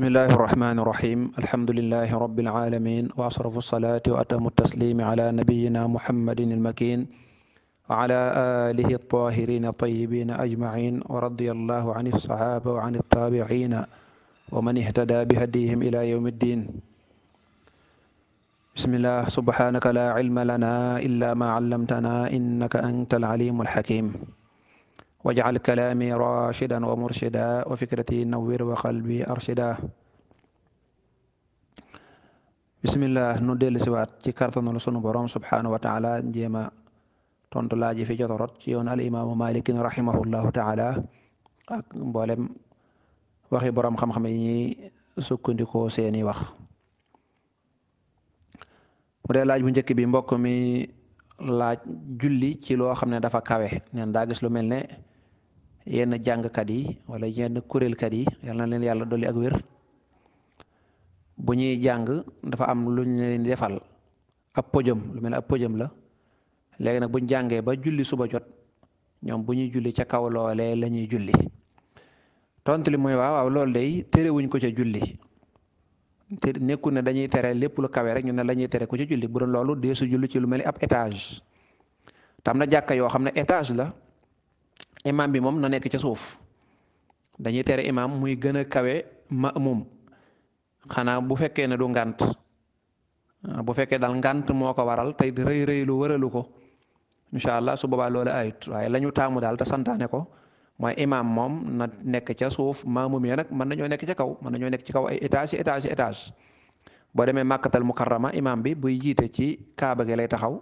bismillahi irrahmani irrahim alhamdulilahi rabilalamin wa asrafu alsalati wa atamu taslimi ala nabiyina muhammadin almakin wa ala alihi altahirin altayibin ajmain wa radi allahu an alsahaba wa an altabiina wa man ihtada bihadihim ila yawm ddin bismillah subhanaka la ilma lana illa ma allamtana innaka anta alalimu alhakim wajcal kalaami rashidan wa murshida wa fikrati nawwir wa qalbi arshida bismillah nu dellu siwaat ci kartanul sunu borom subhaanahu wa taala njéema tontu laaji fi jotorot ci yoon al imaamu malikin rahimahullahu taala ak waxi borom xam-xam yi ñuy sukkandikoo seeni wax mu dee laaj bu njëkk bi mbokk mi laaj julli ci loo xam ne dafa kawe neen daa gis mel ne yenn jàngkat yi wala yenn kuréelkat yi yal na leen yàlla dolli ak wér bu ñuy jàng dafa am lu ñu leen defal ab podium lu mel ne ab podium la léegi nag bu jàngee ba julli suba jot ñoom bu ñuy julli ca kaw loolee la ñuy julli tontu li mooy waaw waaw loolu day wuñ ko ca julli te nekkul ne dañuy tere lépp lu kawee rek ñu ne la ñuy tere ko ca julli bu loolu dee julli ci lu mel ni ab étage tam na jàkka yoo xam ne étage la. imaam bi moom na nekk ca suuf dañuy tere imam muy gën a kawe ma'mum xanaa bu fekkee ne du ngant ah, bu fekkee daal ngant moo ko waral tey rëy rëy lu waralu ko incha allah su boobaa loola ayut waaye la ñu taamu daal te ne ko mooy imam moom na nekk ca suuf maamum ya nag mën nañoo nekk ca kaw mën nañoo nekk ci kaw ay étage yi étage yi étage boo demee màkkatal mukarrama imaam bi buy jiite ci kaaba gi lay taxaw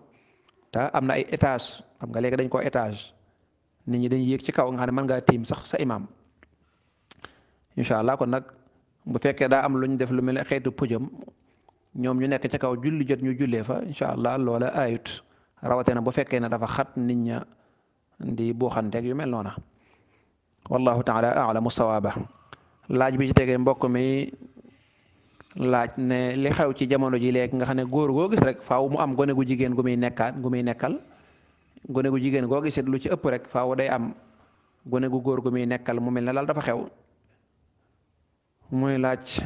te am na ay étage xam nga léegi dañ ko étage nit ñi dañuy yéeg ci kaw nga xam ne mën ngaa tiim sax sa imaam incha allah kon nag bu fekkee daa am lu ñu def lu mel ne xeetu pëjam ñoom ñu nekk ci kaw julli jot ñu jullee fa incha allah loola ayut rawatina bu fekkee ne dafa xat nit ña ndi di buuxanteeg yu mel noona wallahu taala alamu sawaaba laaj bi ci tegee mbokk mi laaj ne li xew ci jamono ji léegi nga xam ne góor goo gis rek faaw mu am gone gu jigéen gu muy nekkaat gu muy nekkal gone gu jigéen goo gisit lu ci ëpp rek faaw day am gone gu góor gu muy nekkal mu mel na daal dafa xew muy laaj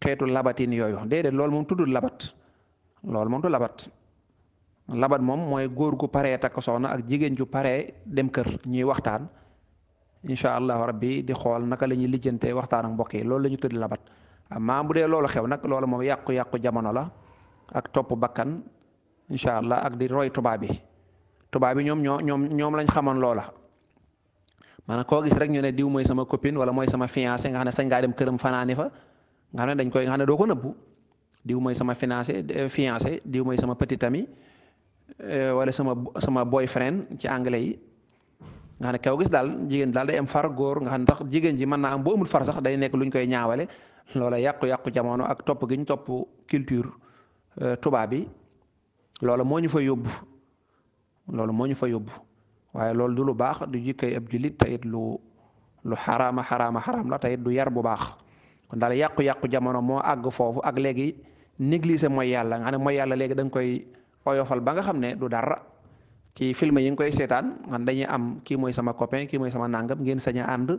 xeetu labatin yooyu déedéet loolu moom tuddul labat loolu moom du labat labat moom mooy góor gu paree takk soxna ak jigéen ju paree dem kër ñuy waxtaan incha allahu rabbi di xool naka la ñuy lijjantee waxtaan ak mbokk yi loolu la ñu tudd labat amaa bu dee loolu xew nag loolu moom yàqu-yàqu jamono la ak topp bakkan incha allah ak di roy tubaab bi tubaab bi ñoom ñoo ñoom ñoom lañ xamoon loola maanaam koo gis rek ñoo ne diw mooy sama copine wala mooy sama fiancé nga xam ne sañ ngaa dem këram fa nga dañ koy nga xam doo ko nëbbu diw mooy sama financé fiancé diw mooy sama petit ami euh, wala sama sama boyfriend ci anglais yi nga xam ne kaw gis daal jigéen daal day am far góor nga xam ne tax jigéen ji mën naa am bu amul far sax day nekk luñ koy ñaawale loola yàqu-yàqu jamono ak topp gi topp culture euh, tubaab bi loola moo ñu fa yóbbu loolu moo ñu fa yóbbu waaye loolu du lu baax du jikkay ab jullit te it lu lu xaraama xaraama xaram la te it du yar bu baax kon daal yàqu-yàqu jamono moo àgg foofu ak léegi négliger mooy yàlla nga xam ne mooy yàlla léegi da koy oyofal ba nga xam ne du dara ci film yi nga koy seetaan man dañuy am kii mooy sama copain mooy sama nangam ngeen sañ a ànd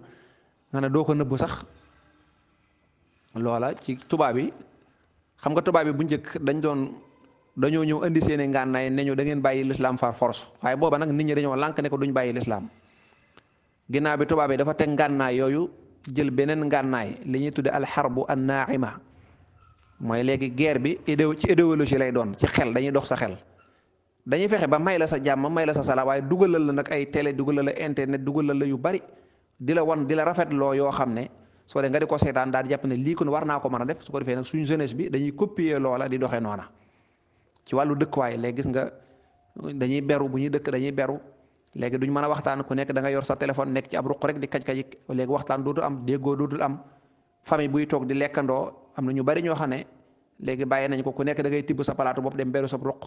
nga ne doo ko nëbbu sax loola ci tubaab yi xam nga tubaab bu njëkk dañ doon. dañoo ñëw indi seen i ngànnaay ne ñu da ngeen bàyyi lislaam far force waaye booba nag nit ñi dañoo lànk ne ko duñ bàyyi lislaam ginnaaw bi tubaab yi dafa teg ngànnaay yooyu jël beneen ngànnaay li ñuy tudde alxarbu an naaima mooy léegi guerre bi idéo ci idéologie lay doon ci xel dañuy dox sa xel dañuy fexe ba may la sa jàmm may la sa sala waaye dugalal la nag ay tele dugalal la internet dugalal la yu bari di la won di la rafetloo yoo xam ne soo dee ko seetaan daal di jàpp lii kon war naa ko mën a def su ko defee nag suñu jeunesse bi dañuy copier loola di doxee noona ci wàllu dëkkuwaay léegi gis nga dañuy beru bu ñuy dëkk dañuy beru léegi duñ mën a waxtaan ku nekk da nga yor sa téléphone nekk ci ab ruq rek di kaj kaji léegi waxtaan dootul am déggoo dootul am famille buy toog di lekkandoo am na ñu bari ñoo xam ne léegi bàyyi nañ ko ku nekk da ngay tibb sa palaatu bopp dem beru sab ruq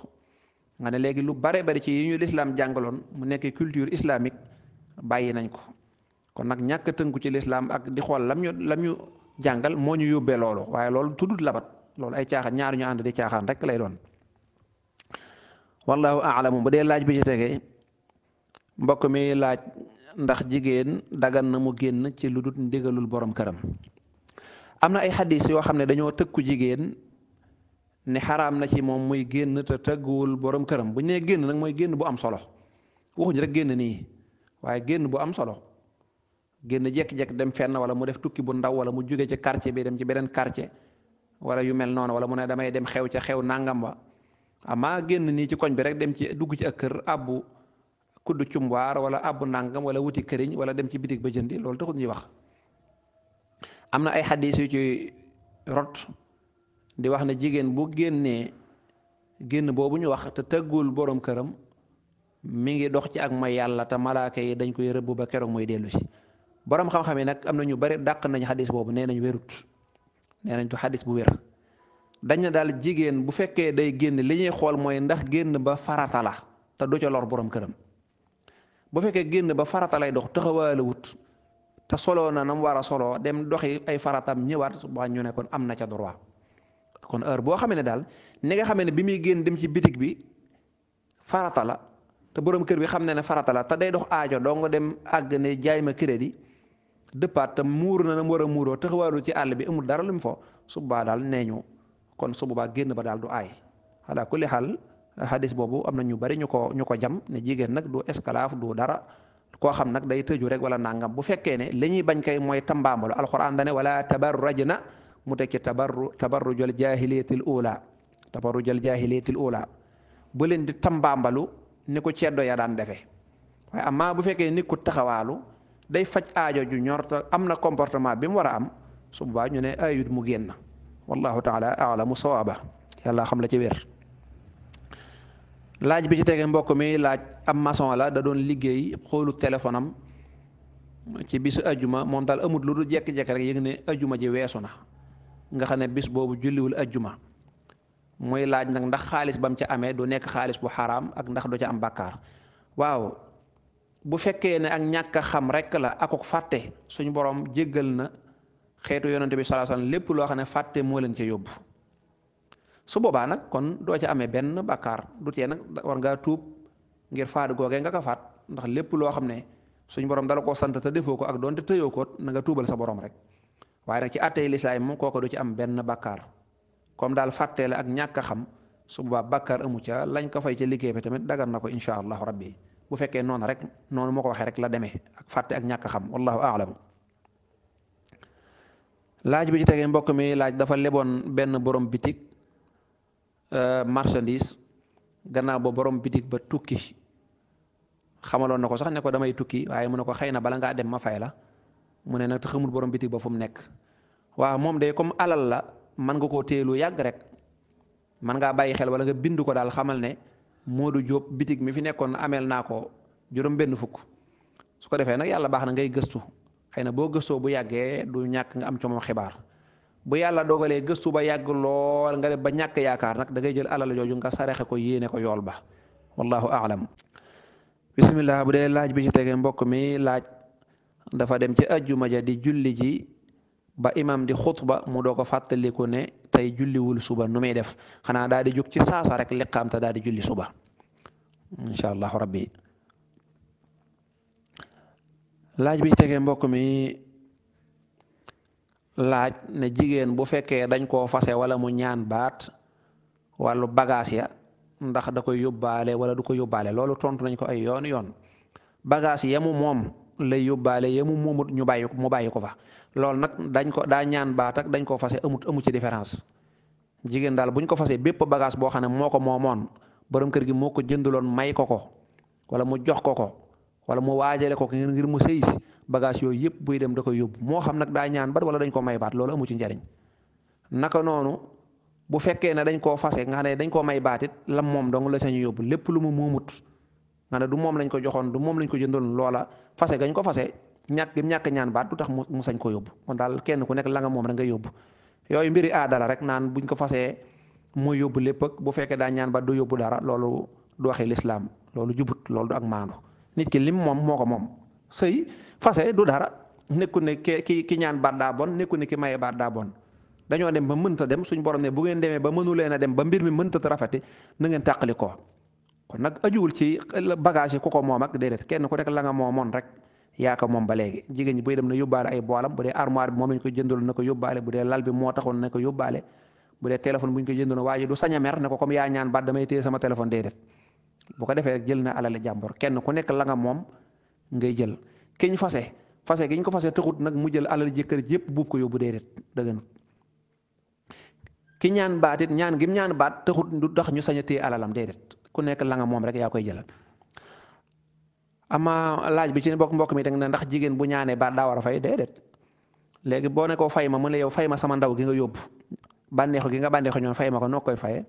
nga ne léegi lu bare bari ci yi ñu lislaam jàngaloon mu nekk culture islamique bàyyi nañ ko kon nag ñàkk tënku ci lislaam ak di xool lam ñu lam ñu jàngal moo ñu yóbbee loolu waaye loolu tuddut labat loolu ay caaxaan ñaari ñu ànd di caaxaan rek lay doon wallahu aalamu bu dee laaj bi ci tegee mbokk mi laaj ndax jigéen dagan na mu génn ci lu dul ndigalul borom këram am na ay xadis yoo xam ne dañoo tëkku jigéen ne xaram na ci moom muy génn te tëgguwul borom këram bu ne génn nag mooy génn bu am solo waxuñ rek génn nii waaye génn bu am solo génn jekk-jekk dem fenn wala mu def tukki bu ndaw wala mu jóge ci quartier bi dem ci beneen quartier wala yu mel noonu wala mu ne damay dem xew ca xew nangam ba amaa génn nii ci koñ bi rek dem ci dugg ci ak kër abbu kudd cumwaar wala abbu nàngam wala wuti këriñ wala dem ci bitig ba jëndi loolu taxul ñuy wax am na ay xadis yu ci rot di wax na jigéen bu génnee génn boobu ñu wax te tëggul borom këram mi ngi dox ci ak ma yàlla te malaaka yi dañ koy rëbb ba keroog mooy dellu si borom xam-xam yi nag am na ñu bari dàq nañ xadis boobu nee nañu wérut nee nañ du xadis bu wér dañ na daal jigéen bu fekkee day génn li ñuy xool mooy ndax génn ba farata la te du ca lor borom këram bu fekkee génn ba farata lay dox taxawaale te soloo na nam war a solo dem doxi ay faratam ñëwaat su ñu ne am na ca droit kon heure boo xamee ne daal ni nga xamee ne bi muy génn dem ci bitig bi farata la te borom kër bi xam ne farata la te day dox aajo doo dem àgg ne jaay ma crédit dëppaat te muur na na mu a muuroo taxawaalu ci àll bi amul dara lu mu fo daal nee ñu kon su boobaa génn ba daal du aay ala kulli xaal hadis boobu am na ñu bari ñu ko ñu ko jam ne jigéen nag du esclave du dara koo xam nag day tëju rek wala nangam bu fekkee ne li ñuy bañ kay mooy tambaambalu alxuraan dane wala tabarrajna mu tekki tabarru tabarrujal jaahiliyatil ula tabarrujal jaahiliyatil ula bu leen di tambaambalu ni ko ceddo ya daan defee waaye amaa bu fekkee nit ku taxawaalu day faj aajo ju ñor am na comportement bi mu war a am su ñu ne ayut mu génn wallahu taala alamu sawaaba yàlla xam la ci wér laaj bi ci tege mbokk mi laaj am mason la da doon liggéey xoolu téléphone am ci bisu ajuma moom daal amut lu dul jekki-jekki rek yëg ne ajuma ji weesu na nga xam ne bis boobu julliwul ajuma muy laaj nag ndax xaalis bam ca amee du nekk xaalis bu xaraam ak ndax du ca am bakkaar waaw bu fekkee ne ak ñàkk xam rek la akuk fàtte suñu boroom jéggal na xeetu yoonante bi sallallahu alayhi lépp loo xam ne fàtte moo leen ca yóbbu su boobaa nag kon doo ca amee benn bàkkaar du tee nag war ngaa tuub ngir faatu googee nga ko faat ndax lépp loo xam ne suñ borom dala koo sant te defoo ko ak doonte tëyoo ko na tuubal sa borom rek waaye nag ci àttey lislaam moom kooko du ci am benn bàkkaar comme daal fàttee la ak ñàkk xam su boobaa bàkkaar amu ca lañ ko fay ca liggéey bi tamit dagar na ko incha allahu rabbi bu fekkee noonu rek noonu moo ko waxee rek la deme ak fàtte ak ñàkk xam wallahu a'lam laaj bi ci tege mbokk mi laaj dafa leboon benn borom bitig euh, marchandise gannaaw ba borom bitik ba tukki xamaloon na ko sax ne ko damay tukki waaye mu ne ko xëy na bala ngaa dem ma fay la mu ne nag te xamul borom bitig ba fu mu nekk waaw moom de comme alal la man nga koo téelu yàgg rek man ngaa bàyyi xel wala nga bind ko daal xamal ne moodu Diop bitik mi fi nekkoon ameel naa ko juróom benn fukk su ko defee nag yàlla baax na ngay gëstu xëy na boo gëstoo bu yàggee du ñàkk nga am ci moom xibaar bu yàlla dogalee gëstu ba yàgg lool nga def ba ñàkk yaakaar nag da ngay jël alal jooju nga saraxe ko yene ko yool ba wallahu aalam bisimilah bu dee laaj bi ci tege mbokk mi laaj dafa dem ci ajjuma ja di julli ji ba imam di xutba mu doo ko fàttaliku ne tey julliwul suba nu muy def xanaa daal di jóg ci saasa rek liqaam te daal di julli suba incha allahu rabbi laaj bi tegee mbokk mi laaj ne jigéen bu fekkee dañ koo fase wala mu ñaan baat wàllu bagaas ya ndax da koy yóbbaale wala du ko yóbbaale loolu tontu nañ ko ay yoon yoon bagaas yamu moom lay yóbbaale yamu moomut ñu bàyyi mu bàyyi ko fa loolu nag dañ ko daa ñaan baat dañ koo fase amut amu ci différence jigéen daal buñ ko fase bépp bagage boo xam ne moo ko moomoon borom kër gi moo ko jëndaloon may ko ko wala mu jox ko ko wala mu waajale ko ngir mu sëy si bagage yooyu yëpp buy dem da koy yóbbu moo xam nag daa ñaan bat wala dañ ko may baat loolu amu ci naka noonu bu fekkee ne dañ koo fase nga ne dañ koo may baatit lam moom dong la sañu yóbbu lépp lu mu moomut nga ne du moom lañ ko joxoon du moom lañ ko jëndoon loola fase gañ ko fase ñàkk ñàkk ñaan baat du tax mu sañ ko yóbbu kon daal kenn ku nekk la moom rek nga yooyu mbiri aada la rek naan buñ ko fasee mooy yóbbu lépp bu fekkee daa ñaan baat du yóbbu dara loolu du waxi lislaam loolu jubut loolu du ak maandu nit ki lim moom moo ko moom sëy fase du dara nekku ne ki ki ñaan baat daa bon nekku ne ki maye baat daa bon dañoo dem ba mënta dem suñ borom ne bu ngeen demee ba mënu leen a dem ba mbir mi mënta rafeti na ngeen tàqali ko kon nag ajuwul ci bagage yi ku ko moom ak déedéet kenn ku nekk la nga moomoon rek yaa ko moom ba léegi jigéen ñi buy dem na yóbbaale ay boolam bu dee armoire bi moom lañ ko jëndul na ko yóbbaale bu dee lal bi moo taxoon na ko yóbbaale bu dee téléphone bu ko jëndoon waa ji a mer ne ko comme yaa bu ko defee rek jël na alali jàmboor kenn ku nekk la nga moom ngay jël kiñ fase fase giñ ko fase taxut nag mu jël alal jëkkër yëpp buub ko yóbbu dee dëggan ki ñaan baat it ñaan gim ñaan baat taxut du tax ñu saña a téye alalam déedéet ku nekk la nga moom rek yaa koy jëlal ama laaj bi ci mbokk mbokk mi teg na ndax jigéen bu ñaanee baat daa war a fay déedéet léegi boo nekkoo fay ma mu ne yow fay ma sama ndaw gi nga yóbbu bànneexu gi nga bànneexu ñoon fay ma ko noo koy faye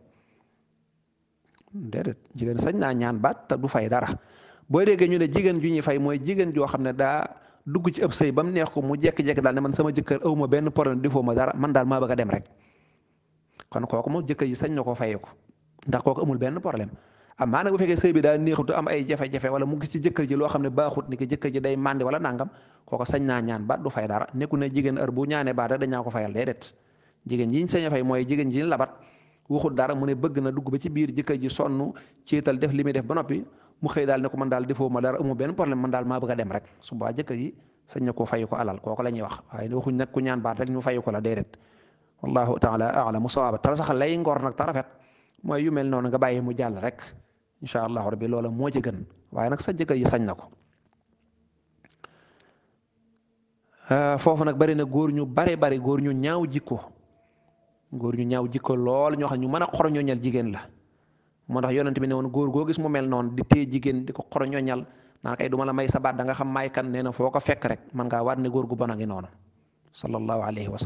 déedéet jigéen sañ naa ñaan baat te du fay dara boo déggee ñu ne jigéen ju ñuy fay mooy jigéen joo xam ne daa dugg ci ëpp sëy ba mu neex ko mu jekki-jekki daal ne man sama jëkkër awma benn problème defoo ma dara man daal maa bëgg a dem rek kon kooku moom jëkkër yi sañ na ko fayeeku ndax kooku amul benn problème amaa nag bu fekkee sëy bi daa neexutu am ay jafe-jafe wala mu gis ci jëkkër ji loo xam ne baaxut ni ki jëkkër ji day màndi wala nangam kooku sañ naa ñaan baat du fay dara nekku ne jigéen heure bu ñaanee baat rek dañaa ko fayal déedéet jigéen yiñ sañ a fay mooy jigéen ji labat waxul dara mu ne bëgg na dugg ba ci biir jëkkër ji sonn ciital def li def ba noppi mu xëy daal ne ko man daal defoo ma dara amu benn problème man daal maa bëgg a dem rek su boobaa jëkkër ji sañ na ko alal kooku la ñuy wax waaye waxuñ nag ku ñaan baat rek ñu ko la déedéet wallahu taala alamu sawaaba tara sax lay ngor nag ta rafet mooy yu mel noonu nga bàyyi mu jàll rek incha allahu rabbi loola moo ci gën nag sa jëkkër yi sañ na ko ah, foofu nag bari na góor ñu bare bari góor ñu ñaaw jikko góor ñu ñaaw jikko lool ñoo xam ñu mën a xoroñoñal jigéen la moo tax yonent bi ne woon góor goo gis mu mel noonu di téye jigéen di ko xoroñoñal naan kay du ma la may sabaat da nga xam maay kan nee na foo ko fekk rek man ngaa waat ne góor gu bon a ngi noonu sallallahu alayhi wa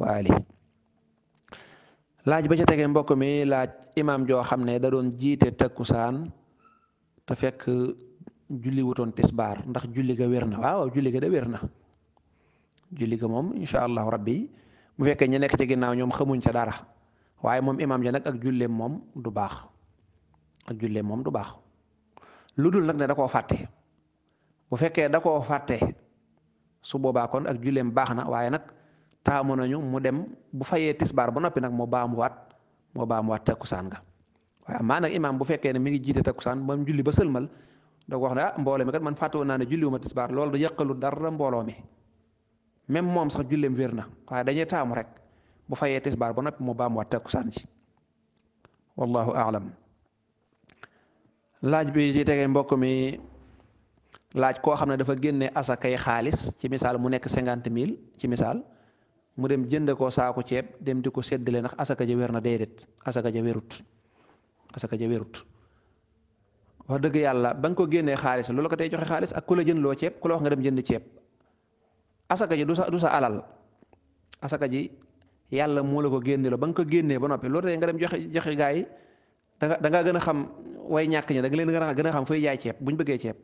wa alihi laaj ba ca tegee mbokk mi laaj imaam joo xam ne da doon jiite takkusaan te fekk julli wutoon tisbaar ndax julli ga wér na waaw julli ga da wér na julli ga moom incha allahu bu fekkee ñu nekk ci ginnaaw ñoom xamuñ ca dara waaye moom imam ja nag ak julleem moom du baax ak julleem moom du baax lu dul nag ne dakoo fàtte bu fekkee da koo fàtte su boobaa kon ak julleem baax na waaye nag taamu nañu mu dem bu fayee tisbaar ba noppi nag moo baamuwaat moo baamuwaat takkusaan nga waaye amaa nag imaam bu fekkee ne mi ngi jiite takkusaan ba mu julli ba sëlmal da ko wax ne ah mbooloo mi kat man fàtte naa ne julliwuma tisbaar loolu da yàqalu dara mbooloo mi même moom sax julleem wér na waaye dañuy taamu rek bu fayee tisbaar ba noppi mu baam baamuwaat takkusaan ci wallahu alam laaj bi ci tegee mbokk mi laaj koo xam ne dafa génne asakay xaalis ci misaal mu nekk cinquante mille ci misaal mu dem jënd ko saako ceeb dem di ko sedd séddale ndax asaka ja wér na déedéet asaka ja wérut asaka ja wérut wax dëgg yàlla ba nga ko génnee xaalis lu la ko tey joxe xaalis ak ku la jënd loo ceeb ku la wax nga dem jënd ceeb asaka ji du sa du sa alal asaka ji yàlla moo la ko génne la ba nga ko génnee ba noppi loolu tey nga dem joxe joxe gaa yi danga dangaa gën a xam way ñàkk ñi da nga leen gën a xam fooy yaay ceeb bu bëggee ceeb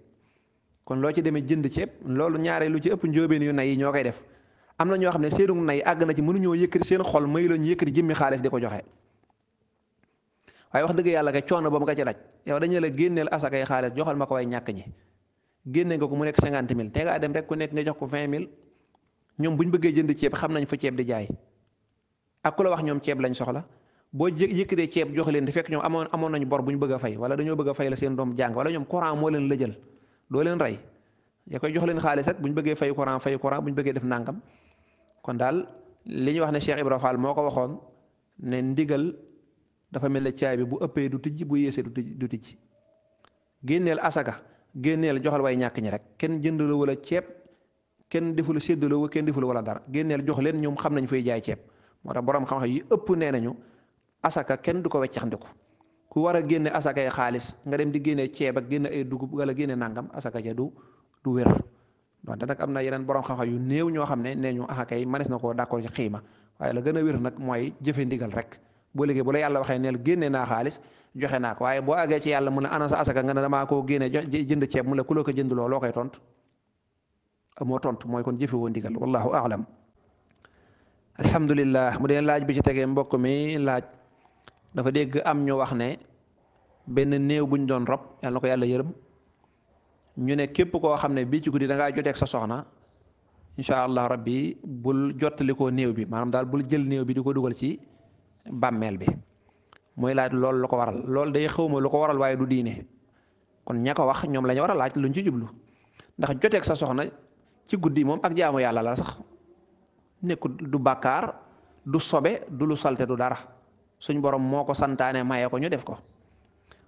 kon loo ci demee jënd ceeb loolu ñaaree lu ci ëpp njóobeen yu nay yi ñoo koy def am na ñoo xam ne seenu nay àgg na ci mënuñoo yëkkati seen xol may lañu yëkkati jimmi xaalis di ko joxe waaye wax dëgg yàlla kay coono ba mu ko ci daj yow dañu la génneel asakay xaalis ma ko way ñàkk ñi génne nga mu nekk cinquante mille te nekk nga jox ko vingt mille ñoom bu ñu bëggee jënd ceeb xam nañ fa ceeb di jaay ak ku la wax ñoom ceeb lañ soxla boo yëkkatee ceeb jox leen di fekk ñoom amoon amoon nañu bor bu ñu bëgg a fay wala dañoo bëgg a fay la seen doom jàng wala ñoom courant moo leen lëjal doo leen rey ya koy jox leen xaalis rek bu ñu bëggee fay courant fay courant bu ñu bëggee def nàngam kon daal li ñuy wax ne Cheikh Ibra Fall moo ko waxoon ne ndigal dafa mel ne caay bi bu ëppee du tijji bu yéesee du tijji du tijji génneel asaka génneel joxal way ñàkk ñi rek kenn jëndaloo wala ceeb kenn defu la séddaloo wa kenn defu la wala dara génneel jox leen ñoom xam nañ fay jaay ceeb moo tax borom xam-xam yi ëpp nee nañu asaka kenn du ko weccaxndiku ku war a génne asakay xaalis nga dem di génne ceeb ak génne ay dugub wala génne nangam asaka ja du du wér donte nag am na yeneen borom xam-xam yu ñoo xam ne nee ñu asaka yi na ko d'accord ci xiima waaye la gën a wér nag mooy jëfe ndigal rek boo liggéey bu la yàlla waxee neel génne naa xaalis joxe naa waaye boo àggee ci yàlla mu ne ana sa asaka nga ne koo génne jox jënd ceeb mu ne ku ko jënd loo koy tontu amoo tontu mooy kon jëfewoo ndigal hmm. wallahu aalam alhamdulilah mu dee laaj bi ci tegee mbokk mi laaj dafa dégg am ñu wax ne benn néew buñ doon rob yàlla na ko yàlla yërëm ñu ne képp koo xam ne bii ci guddi da ngaa joteeg sa soxna incha allah rabbi bul jottali koo néew bi maanaam daal bul jël néew bi di ko dugal ci bàmmeel bi mooy laaj loolu lu ko waral loolu day xawma lu ko waral waaye du diine kon ña ko wax ñoom lañu ñu war a laaj luñ ci jublu ndax joteeg sa soxna ci guddi moom ak jaamu yàlla la sax nekku du bàkkaar du sobe du lu salte du dara suñ borom moo ko santaane maye ko ñu def ko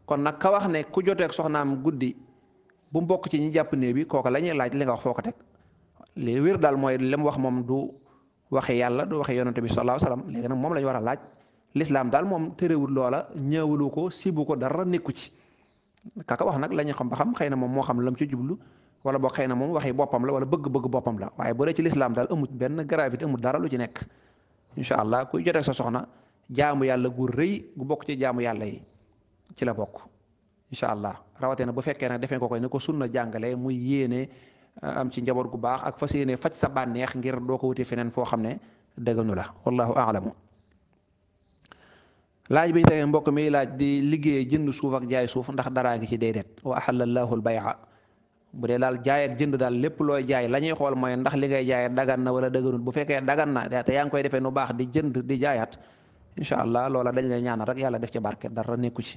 kon nag ka wax ne ku joteeg soxnaam guddi bu mbokk ci ñi jàpp ne bi kooka la ñuy laaj li nga wax foo ko teg li wér daal mooy li mu wax moom du waxi yàlla du waxi yonante bi sallallahu alayhi léegi nag moom la ñu war a laaj lislaam daal moom tërëwul loola ñëwalu ko sibu ko dara nekku ci kaka wax nag la ñu xam ba xam xëy na moom moo xam lam ci jublu wala boo xëy na moom waxi boppam la wala bëgg-bëgg boppam la waaye bu dee ci lislaam daal amut benn gravité amut dara lu ci nekk incha allah kuy jotee sa soxna jaamu yàlla gu rëy gu bokk ci jaamu yàlla yi ci la bokk incha allah rawatina bu fekkee nag defee ko koy ne ko sunna jàngale muy yéene uh, am ci njaboot gu baax ak fas yéene faj sa bànneex ngir doo ko wuti feneen foo xam ne dëgganu la wallahu alamu laaj bi tege mbokk mi laaj di liggéeyee jënd suuf ak jaay suuf ndax daraa ngi ci déedéet wa ahalla allahu al bay'a bu dee daal jaay ak jënd daal lépp looy jaay lañuy xool mooy ndax li ngay jaay dagan na wala bu fekkee dagan na te yaa koy defee nu baax di jënd di jaayaat incha allah loola dañ lay ñaanal rek yàlla def ci barke dara nekku ci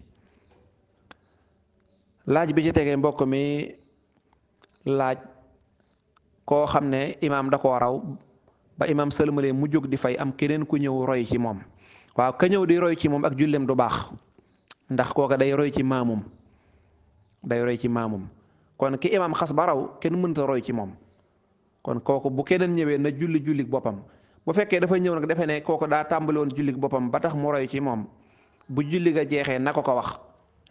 laaj bi ci tegee mbokk mi laaj koo xam ne imaam da koo raw ba imaam sëlmalee mu jóg di fay am keneen ku ñëw roy ci moom waaw ka ñëw di roy ci moom ak jullem du baax ndax kooka day roy ci maamum day roy ci maamum kon ki imaam xas ba raw kenn mënta roy ci moom kon kooku bu keneen ñëwee na julli jullik boppam bu fekkee dafa ñëw nag defe ne kooku daa tàmbali woon jullik boppam ba tax mu roy ci moom bu julli ga jeexee na ko ko wax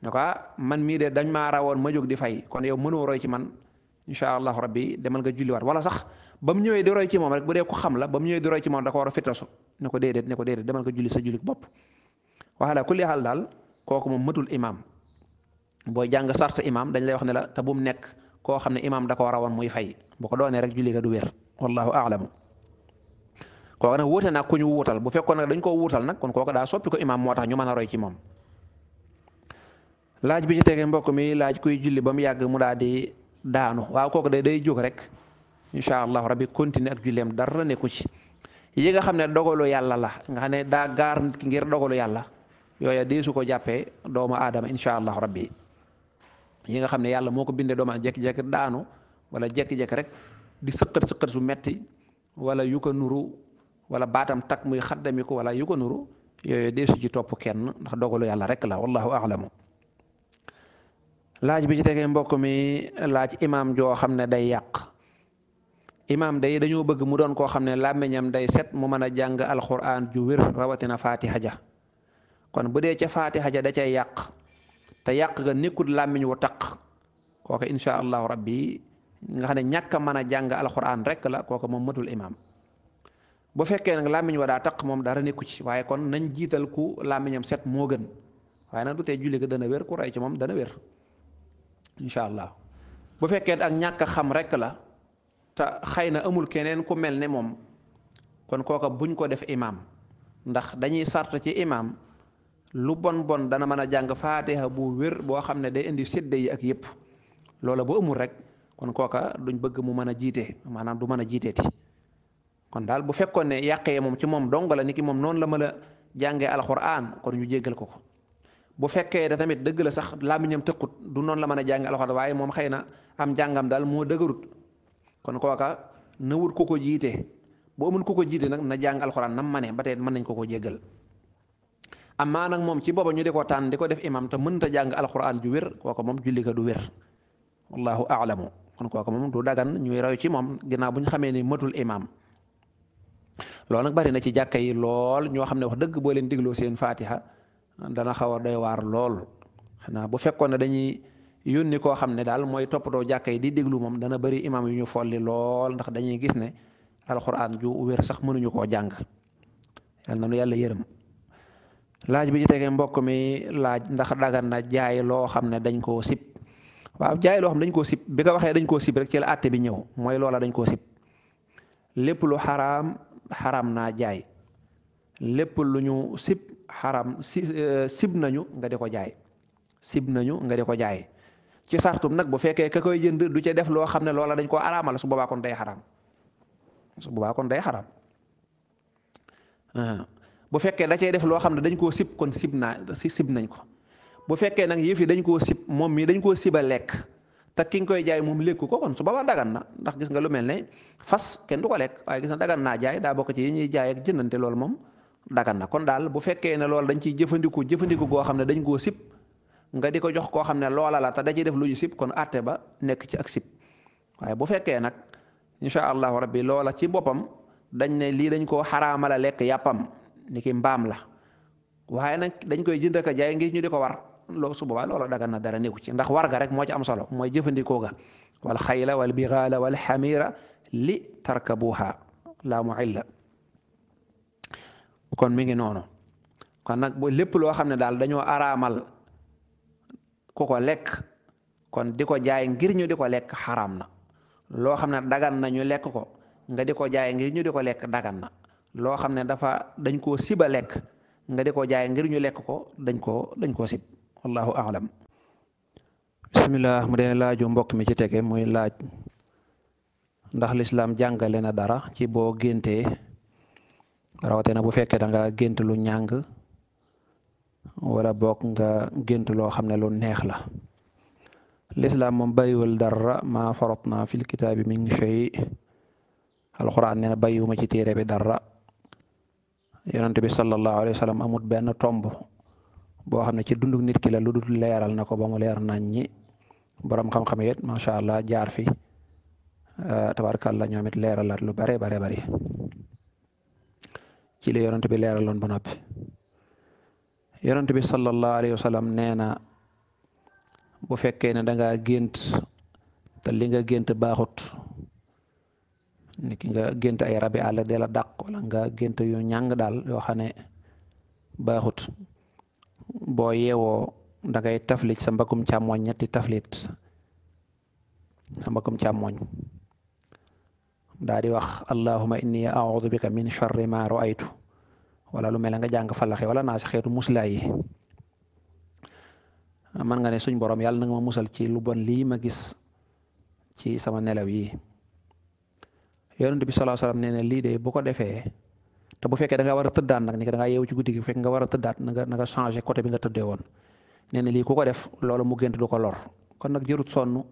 ne ko ah, man mii de dañ maa woon ma jóg di fay kon yow mënoo roy ci man incha allahu rabbi demal nga julliwaat wala sax ba mu ñëwee di roy ci moom rek bu dee ko xam la ba mu ñëwee di roy ci moom da ko war a fitasu ne ko déedéet ne ko déedéet demal nga julli sa jullik bopp waxala kulli xaal daal kooku moom matul imaam booy jàng sart imaam dañ lay wax ne la te bum nekk koo xam ne imaam da koo rawoon muy fay bu ko rek julli ga du wér wallahu a'lamu ko nag wuute nag ku ñu wuutal bu fekkoon nag dañ koo wuutal nag kon kooku daa soppi ko imaam moo tax ñu mën a roy ci moom. laaj bi ci tege mbokk mi laaj kuy julli ba mu yàgg mu daal di daanu waaw kooku day day jóg rek incha allah rabbi continuer ak julleem dara nekku ci yi nga xam ne dogalu yàlla la nga xam ne daa gaar ki ngir dogalu yàlla yooya deesu ko jàppee doomu aadama incha allah rabbi yi nga xam ne yàlla moo ko bindee doomu jekki-jekki daanu wala jekki-jekki rek di sëqat sëqat su metti wala yu ko nuru wala baatam takk muy xaddami ko wala yu ko nuru yooyu deesu ci topp kenn ndax dogalu yàlla rek la wallahu alamu laaj bi ci tegee mbokk mi laaj imaam joo xam ne day yàq imaam day dañoo bëgg mu doon koo xam ne làmmiñam day set mu mën a jàng alquran ju wér rawatina faati xaja kon bu dee ca fatiha ja da cay yàq te yàq ga nekkut làmmiñ wu taq kooka insha allahu rabbi nga xam ne ñàkk a mën a jàng alxuraan rek la kooka moom matul imaam bu fekkee nag làmmiñ wa daa taq moom dara nekku ci waaye kon nañ jiital ku làmmiñam set moo gën waaye nag du tee julli ga dana wér ku rey ci moom dana wér incha allah bu fekkee ak ñàkk xam rek la te xëy na amul keneen ku mel ne moom kon kooka buñ ko def imaam ndax dañuy sart ci imaam lu bon bon dana mën a jàng faatiha bu wér boo xam ne day indi sedde yi ak yëpp loola bu amul rek kon kooka duñ bëgg mu mën a jiite maanaam du mën a jiiteeti kon daal bu fekkoon ne yàqee moom ci moom dong la ni moom noonu la mën a jàngee alxuraan kon ñu jéggal ko ko bu fekkee da tamit dëgg la sax làmmiñam tëqut du noonu la mën a jàng alxuraan waaye moom xëy na am jàngam daal moo dëgërut kon kooka na ku ko jiite bu amul ku ko jiite nag na jàng alxuraan nam ma ne ba tey mën nañ ko ko jéggal amaa nag moom ci booba ñu di ko tànn di ko def imam mën mënta jàng alquran ju wér kooka moom julli ka du wér wallahu aalamu kon kooka moom du dagan ñuy roy ci moom ginnaaw bu ñu xamee ni matul imam loolu nag bari na ci jàkka yi lool ñoo xam ne wax dëgg boo leen digloo seen fatiha dana xaw a doy waar lool xanaa bu fekkoon ne dañuy yónni koo xam ne daal mooy toppatoo jàkka yi di déglu moom dana bari imaam yu ñu folli lool ndax dañuy gis ne alquran ju wér sax mënuñu koo jàng yal na nu yàlla yërëm laaj bi ci tegee mbokk mi laaj ndax dagan na jaay loo xam ne dañ koo sib waaw jaay loo xam dañ koo sib bi nga waxee dañ koo sib rek ci la àtte bi ñëw mooy loola dañ koo sib lépp lu xaraam xaraam naa jaay lépp lu ñu sib xaraam si eh, sib nañu nga di ko jaay sib nañu nga di ko jaay ci sartum nag bu fekkee ka koy jënd du ca def loo xam ne loola dañ koo araamal su boobaa kon day xaraam su boobaa kon day xaram bu fekkee da cay def loo xam ne dañ koo sib kon sib naa si sib nañ ko bu fekkee nag yëf yi dañ koo sib moom mii dañ koo siba lekk te ki nga koy jaay moom lekk ko kon su ba dagan na ndax gis nga lu mel ne fas kenn du ko lekk waaye gis na dagan naa jaay daa bokk ci yi ñuy jaay ak jëndante loolu moom dagan na kon daal bu fekkee ne loolu dañ ciy jëfandiku jëfandiku goo xam ne dañ koo sib nga di ko jox koo xam ne loola la te da ciy def lu ñu sib kon àtte ba nekk ci ak sib waaye bu fekkee nag incha allahu rabbi loola ci boppam dañ ne lii dañ koo xaraamala lekk yàppam ni mbaam la waaye nag dañ koy jënd ak a jaay ngir ñu di ko war loo su boobaa dagan na dara néew ci ndax war ga ci am solo mooy jëfandikoo ga wal xayla wal bigaala wal xamira li tarkabuha laa mu illa kon mi ngi noonu kon nag bu lépp loo xam ne daal dañoo araamal ku ko lekk kon di ko jaay ngir ñu di ko lekk xaraam na loo xam ne dagan na ñu lekk ko nga di ko jaay ngir ñu di ko lekk dagan na loo xam ne dafa dañ koo siba lekk nga di ko jaay ngir ñu lekk ko dañ koo dañ koo sib wallahu alam bismillah mu dee laaju mbokk mi ci tege muy laaj ndax lislaam jàngale na dara ci boo géntee rawate na bu fekkee danga gént lu ñàng wala bokk nga gént loo xam ne lu neex la lislaam moom bàyyiwul dara maa farat na fil kitaabi min shay alxuraan nee na ci téere bi dara yonent bi sallallahu alayhi wa sallam amut benn tomb boo xam ne ci dundu nit ki la lu dul leeral na ko ba mu leer nañ ñi borom xam-xam it macha allah jaar fi eh, tabarkàlla ñoom it leeralaat lu bare bare bari ci li yonent bi leeraloon ba noppi yonent bi sallallahu alayhi wa sallam nee na bu fekkee ne danga ngaa gént te li nga gént baaxut. ni nga gént ay rabi àll de la dàq wala nga gént yu ñàng daal yoo xam ne baaxut boo yeewoo da ngay taflit sa mbakum càmmooñ ñetti taflit sa mbakum càmmooñ daa di wax allahuma inni audu bika min charri ma raaytu wala lu mel nga jàng falaxe wala naa si xeetu muslaay yi man nga ne suñ borom yàlla na ma musal ci lu bon lii ma gis ci sama nelaw yi yonent bi salaa salaam nee na lii de bu ko defee te bu fekkee danga nga war a tëddaat nag ni da ngaa ci guddi gi bu fekkee war a tëddaat na nga na nga changé côté bi nga tëddee woon nee na lii ku ko def loolu mu gént du ko lor kon nag jërut sonn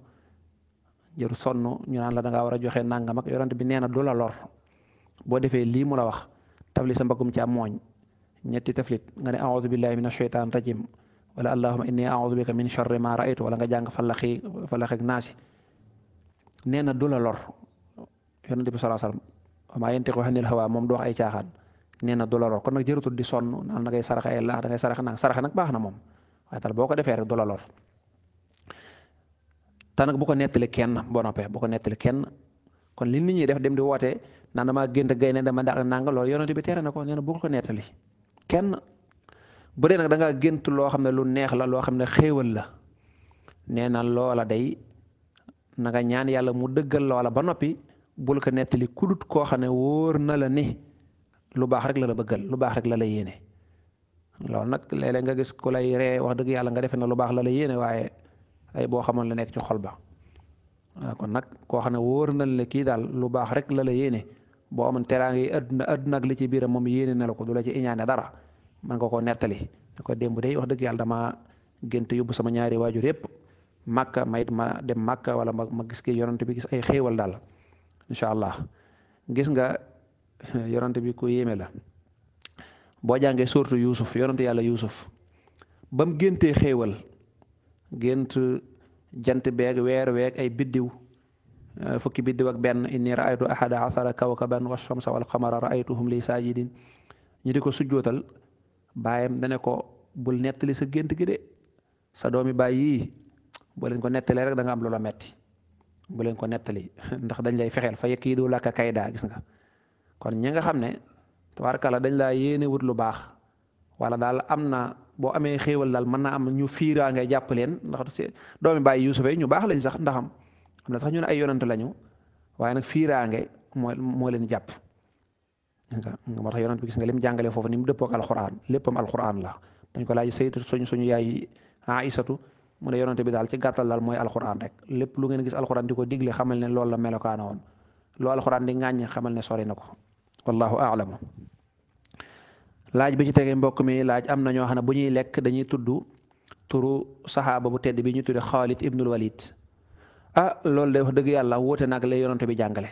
jërut sonn ñu naan la danga ngaa a joxe nangam ak yonent bi nee na du la lor boo defee lii mu la wax tafli sa mbagum ci mooñ ñetti taflit nga ne aoudu billahi min ashaytan rajim wala allahuma inni aoudu bika min charri ma raaytu wala nga jàng falaxi falaxi naasi nee na du lor yonent bi sallallahu alayhi wasallam maa yantiqu anil hawa moom du ay caaxaan nee na du la lor kon nag jëratul di sonn naan da ngay sarax ay laax da ngay sarax nag sarax nag baax na moom waaye boo ko defee rek du bu ko nettali kenn boo noppee bu ko nettali kenn kon li nit ñi def dem di woote naan damaa gént gaynde dama ndax nanga loolu bi tere na ko nee na ko nettali kenn dee nag danga ngaa loo xam ne lu neex la loo xam ne xéewal la nee na loola day na ñaan yàlla mu dëggal loola ba noppi bul ko nettali kudut koo xam ne woor na la ni lu baax rek la la bëggal lu baax rek la la yéene loolu nag léeg-léeg nga gis ko lay ree wax dëgg yàlla nga defe na lu baax la la yéene waaye ay boo xamoon la nekk ci xol ba kon nag koo xam ne wóor na la kii daal lu baax rek la la yéene boo amoon teraanga yi àdduna àdduna ci biiram moom yéene na la ko du la ci iñaane dara man nga koo nettali da ko démb day wax dëgg yàlla dama gént yóbbu sama ñaari waajur yépp màkka mayit ma dem màkka wala ma gis ki yonante bi gis ay xéewal daal incha allah gis nga yonante bi ku yéeme la boo jàngee surtout Yuusuf yonante yàlla Yuusuf ba mu géntee xéewal gént jant beeg weer weeg ay biddiw eh, fukki biddiw ak benn inni raaytu ahada asara kawkaban wa shamsa wal qamara raaytuhum li saajidin ñu di ko sujjootal baayam dane ko bul nettali sa gént gi de sa doomi baay yii boo leen ko nettalee rek da nga am loola metti bu leen ko nettali ndax dañ lay fexeel fa yekk yi doo làkk kay daa gis nga kon ñi nga xam ne tabaarkalla dañ laa yéene wut lu baax wala daal am na boo amee xéewal daal mën na am ñu fiiraa ngay jàpp leen ndax doomi bàyyi yuusufa ñu baax lañ sax ndaxam am na sax ñu ne ay yonant lañu waaye nag fiiraange moo moo leen jàpp nga moo tax yonant bi gis nga lim foofu ni mu dëppook alxuraan léppam alxuraan la dañ ko laaj saytu suñu suñu yaay aïsatu mu ne yonante bi daal ci gàttal daal mooy alxuraan rek lépp lu ngeen gis alxuraan di ko digle xamal ne loolu la melokaana woon loo alxuraan di ŋàññ xamal ne sori na ko wallahu aalamu laaj bi ci tege mbokk mi laaj am na ñoo xam ne bu ñuy lekk dañuy tudd turu saxaaba bu tedd bi ñu tudde Xaalid ibnul Walid ah, loolu de dëgg yàlla wóote nag la yonante bi jàngale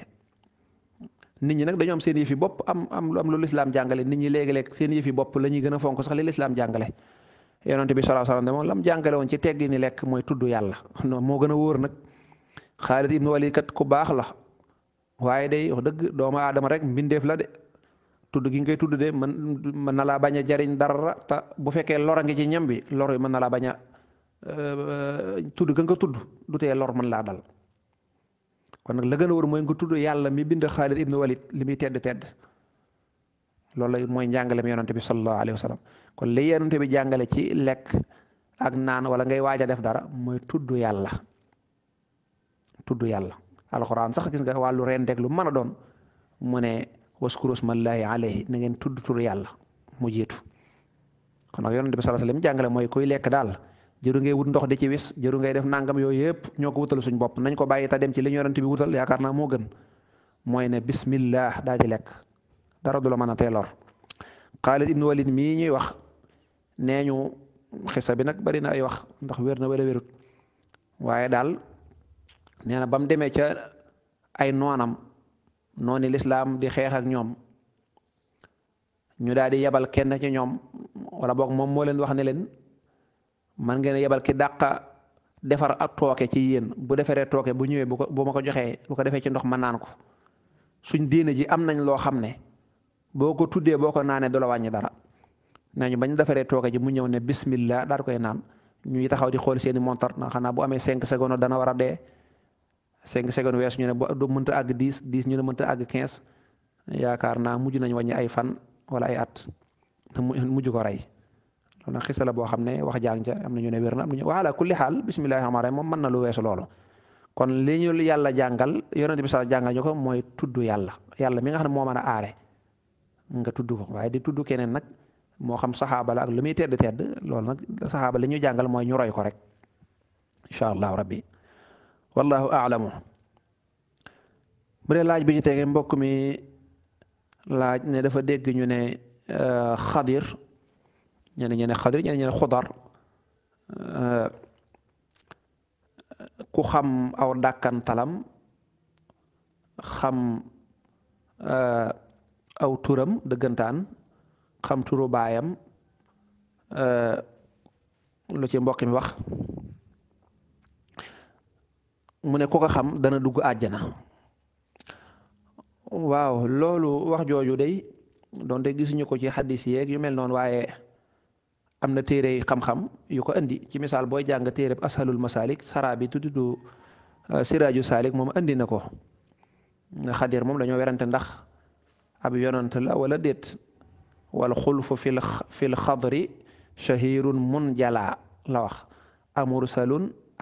nit ñi nag dañoo am seen yëfi bopp am am lu am lu lislaam jàngale nit ñi léegi lekk seen yëfi bopp la ñuy gën a fonk sax li lislaam jàngale yonent bi sallallahu alayhi wasallam de moom lam jàngale woon ci teggi ni lekk mooy tudd yàlla non moo gën a wóor nag Xaalid ibnu Walid kat ku baax la waaye day wax dëgg doomu aadama rek mbindeef la de tudd gi nga tudd de man na laa bañ a jariñ dara te bu fekkee lor a ngi ci ñam bi lor yi mën na laa bañ a euh, tudd ga nga tudd du tee lor man laa dal kon nag la gën a wóor mooy nga tudd yàlla mi bind Xaalid ibnu Walid li muy tedd tedd loolu mooy njàngale mi yonante bi sallallahu alayhi wa kon li yonante bi jàngale ci lekk ak naan wala ngay waaja def dara mooy tudd yàlla tudd yàlla alxuraan sax gis nga wàllu ren deg lu mën a doon mu ne waskurus mallahi alayhi na ngeen tudd tur yàlla mu jiitu kon nag yonante bi sallallahu alayhi wa jàngale mooy kuy lekk daal jëru ngay wut ndox di ci wis jëru ngay def nangam yooyu yëpp ñoo ko wutal suñ bopp nañ ko bàyyi ta dem ci li ñu yonante bi wutal yaakaar naa moo gën mooy ne bismillah daal di lekk dara du la mën a tee lor Xaalid ibnu mii ñuy wax nee ñu xisa bi nag bari na ay wax ndax wér na wala wérut waaye daal nee na ba mu demee ca ay noonam nooni lislaam di xeex ak ñoom ñu daal di yebal kenn ci ñoom wala boog moom moo leen wax ne leen man ngeen yebal ki dàqa defar ak tooke ci yéen bu defaree tooke bu ñëwee bu bu ma ko joxee bu ko defee ci ndox ma naan ko suñ diine ji am nañ loo xam ne boo ko tuddee boo ko naanee du la wàññi dara nee ñu bañ defaree tooke ji mu ñëw ne bismillah daal koy naan ñu ñuy taxaw di xool seeni montar na xanaa bu amee cinq secondes dana war a dee cinq secondes weesu ñu ne ba du mënta àgg dix dix ñu ne mënta àgg quinze yaakaar naa mujj nañ wàññi ay fan wala ay at te mujj ko rey loolu nag xisa la boo xam ne wax jàng ca am na ñu ne wér na am na ñu waala kulli xaal bismillahi rahmaani rahiim moom mën na lu weesu loolu kon li yàlla jàngal yonent bi sax jàngal ñu ko mooy tudd yàlla yàlla mi nga xam ne moo mën a aare nga tudd ko waaye di tudd keneen nag moo xam saxaaba la ak lu muy tedd tedd loolu nag saxaaba li ñu jàngal mooy ñu roy ko rek incha allah rabbi wallahu aalamu bu dee laaj bi ci mbokk mi laaj ne dafa dégg ñu ne euh, xadir ñene ñene xadir ñene ñene xudar euh, ku xam aw dàkkantalam xam euh, aw turam dëggantaan xam turu baayam euh, lu ci mbokk mi wax mu ne ko xam dana dugg àjjana waaw loolu wax jooju day donte gisuñu ko ci xaddis yeeg yu mel noonu waaye am na téere xam-xam yu ko indi ci misaal booy jàng téereb ashalul masalik sara bi tuddu euh, siraaju salik moom indi na ko xadir moom dañoo werante ndax ab yonant la wala déet wal xulfu fil fil xadri shahirun mun jala la wax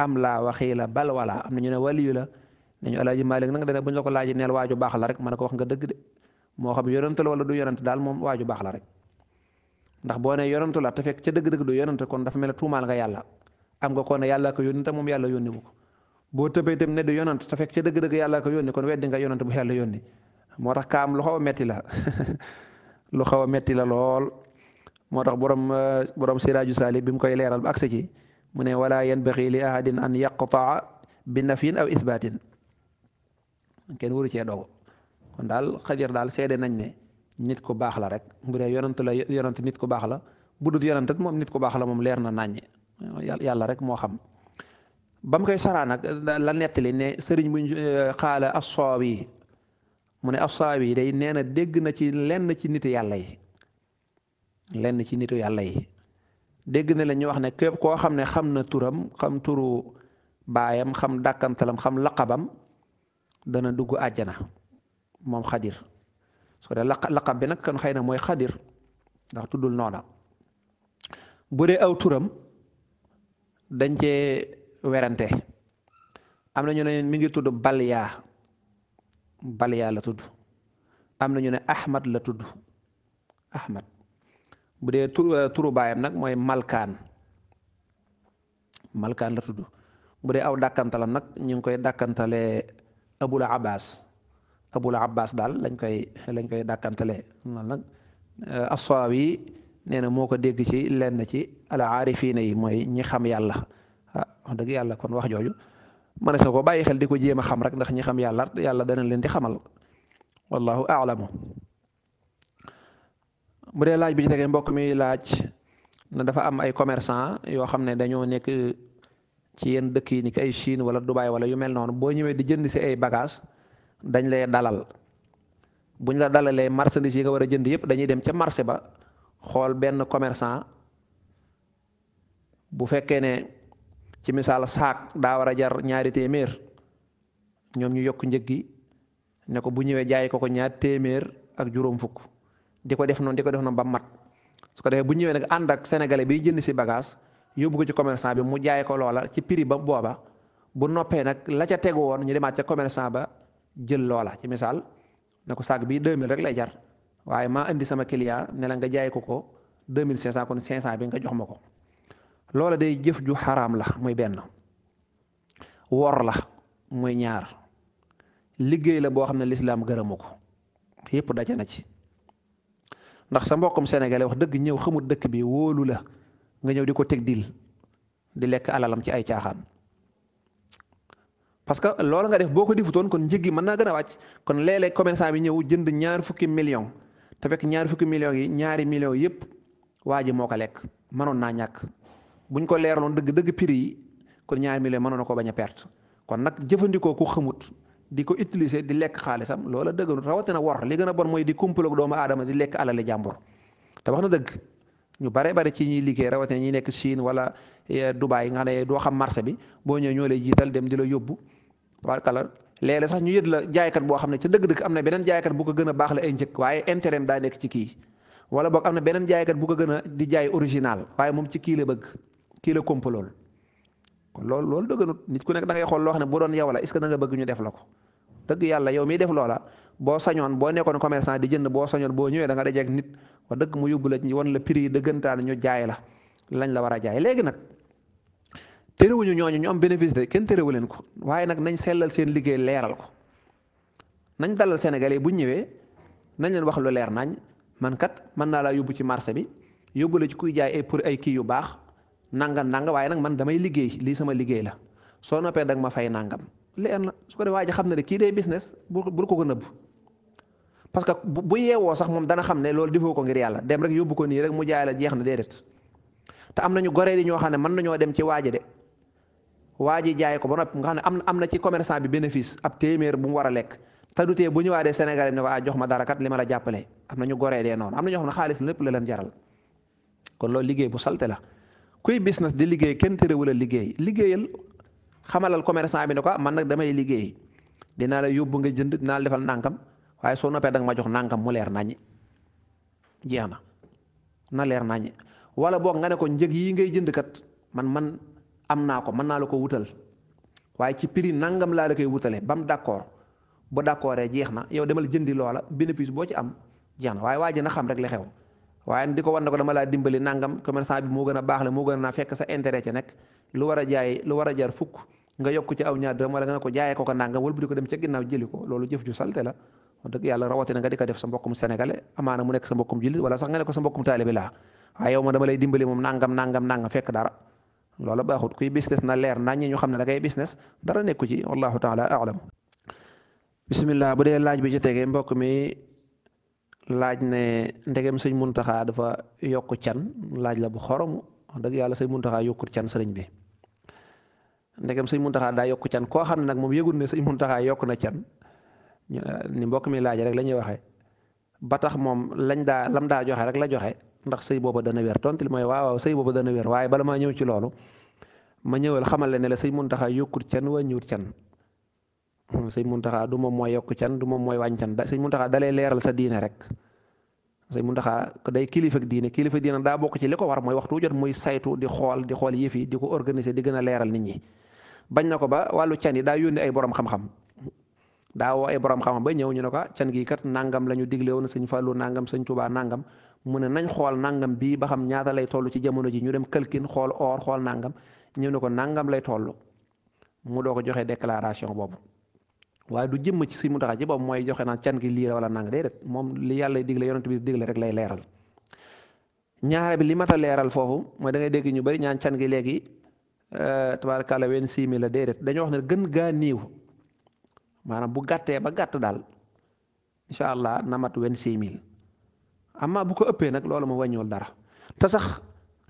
am laa waxii la bal wala am na ñu ne waliyu la ne ñu alaaji Maalik nag dana bu ñu ko laaji neel waaju baax la rek mën ko wax nga dëgg de moo xam yonant la wala du moom waaju baax la rek ndax boo ne yonant la fekk ca dëgg-dëgg du kon dafa mel ne tuumaal nga yàlla am nga ko ne yàlla ko yónni kon weddi nga yonant bu yàlla yónni moo tax kaam lu xaw a metti la lu xaw a metti la lool moo tax borom euh, borom siraaju saali bi mu koy leeral ba agsi ci mu ne wala yanbaxi li ahadin an yaqtaa bi nafyin aw ithbatin kenn wuru cee dogu kon daal xajar daal seede nañ ne nit ku baax la rek bu dee yonant la yonant nit ku baax la bu dut moom nit ku baax la moom leer na nàññe yàlla rek moo xam ba mu koy saraa la nettali ne sëriñ bu euh, xaala asoobi mu ne asaab yi day nee na dégg na ci lenn ci nitu yàlla yi lenn ci nitu yàlla yi dégg na la ñu wax ne képp koo xam ne xam na turam xam turu baayam xam dàkkantalam xam laqabam dana dugg àjjana moom xadir soo dee laq laqab bi nag kon xëy na mooy xadir ndax tuddul noona bu dee aw turam dañ cee werante am na ñu ne mi ngi tudd balyaa balyaa la tudd am na ñu ne ahmad la tudd ahmad bu dee euh, turu baayam nag mooy malkaan malkaan la tudd bu dee aw dàkkantalam nag ñu ngi koy dàkkantale abula abbas abul abaas daal lañ koy lañ koy dàkkantale loolu nag euh, aswaawi nee na moo ko dégg ci lenn ci al aarifiina yi mooy ñi xam yàlla ah wax dëgg yàlla kon wax jooju mënees na ko bàyyi xel di ko jéem a xam rek ndax ñi xam yàlla yàlla dana leen di xamal wallahu alamu bu dee laaj bi ci tegee mbokk mi laaj na dafa am ay commerçant yoo xam ne dañoo nekk ci yenn dëkk yi ni ki ay Chine wala Dubaay wala yu mel noonu boo ñëwee di jënd si ay bagages dañ lay dalal buñ la dalalee marchandises si nga war a jënd yëpp dañuy dem ca marché ba xool benn commerçant bu fekkee ne ci misaal saak daa war a jar ñaari téeméer ñoom ñu yokk njëg gi ne ko bu ñëwee jaay ko ko ñaar téeméer ak juróom fukk di ko def noonu di ko def noonu ba mat su ko defee bu ñëwee nag ànd ak sénégalais biy jënd si bagage yóbbu ko ci commerçant bi mu jaay ko loola ci prix ba mu booba bu noppee nag la ca tegu woon ñu demaat ca commerçant ba jël loola ci misaal ne ko saak bii 2000 rek lay jar waaye maa indi sama client ne la nga jaay ko ko 2500 kon 500 bi nga jox ma ko. loola day jëf ju xaraam la muy benn wor la muy ñaar liggéey la boo xam ne lislaam gërëmu ko yépp daje na ci ndax sa mbokkum sénégalais wax dëgg ñëw xamut dëkk bi wóolu la nga ñëw di ko teg dil di lekk alalam ci ay caaxaan parce que loolu nga def boo ko difutoon kon njëg gi mën naa gën a wàcc kon léeg-léeg commerçant bi ñëw jënd ñaar fukki million te fekk ñaar fukki million yi ñaari million yépp waa ji moo ko lekk mënoon naa ñàkk bu ñu ko leeraloon dëgg dëgg piri yi kon ñaari million mënoon na ko bañ perte kon nag jëfandikoo ku xamut di ko utiliser di lekk xaalisam loola dëgganut rawatina wor li gën a bon mooy di kumpaloog doomu aadama di lekk alali jàmbur te wax na dëgg ñu bare bare ci ñuy liggéey rawatina ñi nekk Chine wala eh, Dubaay nga xam ne xam marché bi boo ñëwee ñoo lay jiital dem di la yóbbu tabarkala léeg lee sax ñu yët la jaaykat boo xam ne ca dëgg-dëgg am na beneen jaaykat bu ko gën a baax la waaye intérêt daa nekk ci kii wala boog am na beneen jaaykat bu ko gën a di jaay original waaye moom ci kii la bëgg kii la kompalool kon loolu loolu dëgganut nit ku nekk da ngay xool loo xam ne bu doon yow la est ce que da bëgg ñu def la ko dëgg yàlla yow miy def loola boo sañoon boo nekkoon commerçant di jënd boo sañoon boo ñëwee da nga dajeeg nit wax dëgg mu yóbbu la ci wan la prix yi dëggantaan ñu jaay la lañ la war a jaay léegi nag terewuñu ñooñu ñu am bénéfice de kenn terewu leen ko waaye nag nañ sellal seen liggéey leeral ko nañ dalal Sénégalais bu ñëwee nañ leen wax lu leer nañ man kat mën naa laa yóbbu ci marché bi yóbbu la kuy jaay pour ay kii yu baax nangam nangam waaye nag man damay liggéey lii sama liggéey la soo noppee danga ma fay nangam leen la su ko defee waa ji ne kii day business bul ko ko nëbb parce que bu yeewoo sax moom dana xam ne loolu defoo ko ngir yàlla dem rek yóbbu ko nii rek mu jaay jeex na déedéet am nañu goree di ñoo xam ne mën nañoo dem ci waaji de waaji jaay ko ba noppi nga xam ne am am na ci commerçant bi bénéfice ab téeméer bu mu war a lekk te du tee bu ñëwaatee Sénégal ne ko ah, jox ma dara kat li ma la jàppale am nañu goree noonu am na ñoo xam ne xaalis lépp la leen jaral kon loolu liggéey bu salte la kuy business di liggéey kenn terewul a liggéey liggéeyal xamalal commerçant bi ne ko ah, man nag damay liggéey dinaa la yóbbu nga jënd dinaa la defal nànkam waaye soo noppee danga ma jox nànkam mu leer naññi jeex na na leer naññi wala boog nga ne ko njëg yi ngay jënd kat man man am naa ko mën naa la ko wutal waaye ci prix nangam laa la koy wutale ba mu d'accord bu d'accordee jeex na yow demal jëndi loola bénéfice boo ci am jeex na waaye waa na xam rek li xew waaye di ko wan ko dama laa dimbali nangam commerçant bi moo gën a baax la moo gën a naa fekk sa intérêt nekk lu war a jaay lu war a fukk nga yokk aw ñaar dërëm nga ne ko jaayee ko ko nangam mu nekk sa mbokkum jullit wala sax nga ne sa mbokkum taalibi laa waaye ma dama lay dimbali moom nangam nangam fekk dara loola baaxut kuy business na leer nañ ñi xam ne da ngay business dara nekku ci wallahu taala aalam bismillah bu laaj ne ndegem sëñ Muntaxa dafa yokk can laaj la bu xoromu wax dëgg yàlla sëñ Muntaxa yokkut can sëriñ bi ndegem sëñ Muntaxa daa yokku can koo xam ne nag moom yëgul ne sëñ Muntaxa yokk na can ni mbokk mi laaj rek la ñuy waxee ba tax moom lañ daa lam daa joxe rek la joxe ndax sëy booba dana wér tontil mooy waaw sëy booba dana weer waaye bala maa ñëw ci loolu ma ñëwal xamal leen ne la sëñ Muntaxa yokkut can wàññiwut can sëñ Muntaxa du moom mooy yokk can du moom mooy wàññi can da sëñ Muntaxa dalay leeral sa diine rek sëñ Muntaxa day kilifa ak diine kilifa diine daa bokk ci li ko war mooy waxtu jot muy saytu di xool di xool yëf yi di ko organiser di gën a leeral nit ñi. bañ na ko ba wàllu can yi daa yónni ay borom xam-xam daa woo ay borom xam-xam ba ñëw ñu ne ko can gii kat nangam la ñu digle woon sëñ Fallou nangam sëñ Touba nangam mu ne nañ xool nangam bii ba xam ñaata lay toll ci jamono ji ñu dem këlkin xool or xool nangam ñëw ne ko nangam lay toll mu doo ko joxe déclaration boobu waaye du jëmm ci suñ mu taxaa ci boobu mooy joxe naan can gi lii la wala nang déedéet moom li yàlla digle yonent bi digle rek lay leeral ñaare bi li mat a leeral foofu mooy da dégg ñu bari ñaan can gi léegi euh, tabaarakàlla wenn siimi la déedéet dañoo wax ne gën gaa niiw maanaam bu gàttee ba gàtt daal incha allah namat wenn siimil amma bu ko ëppee nag loolu mu wàññiwul dara te sax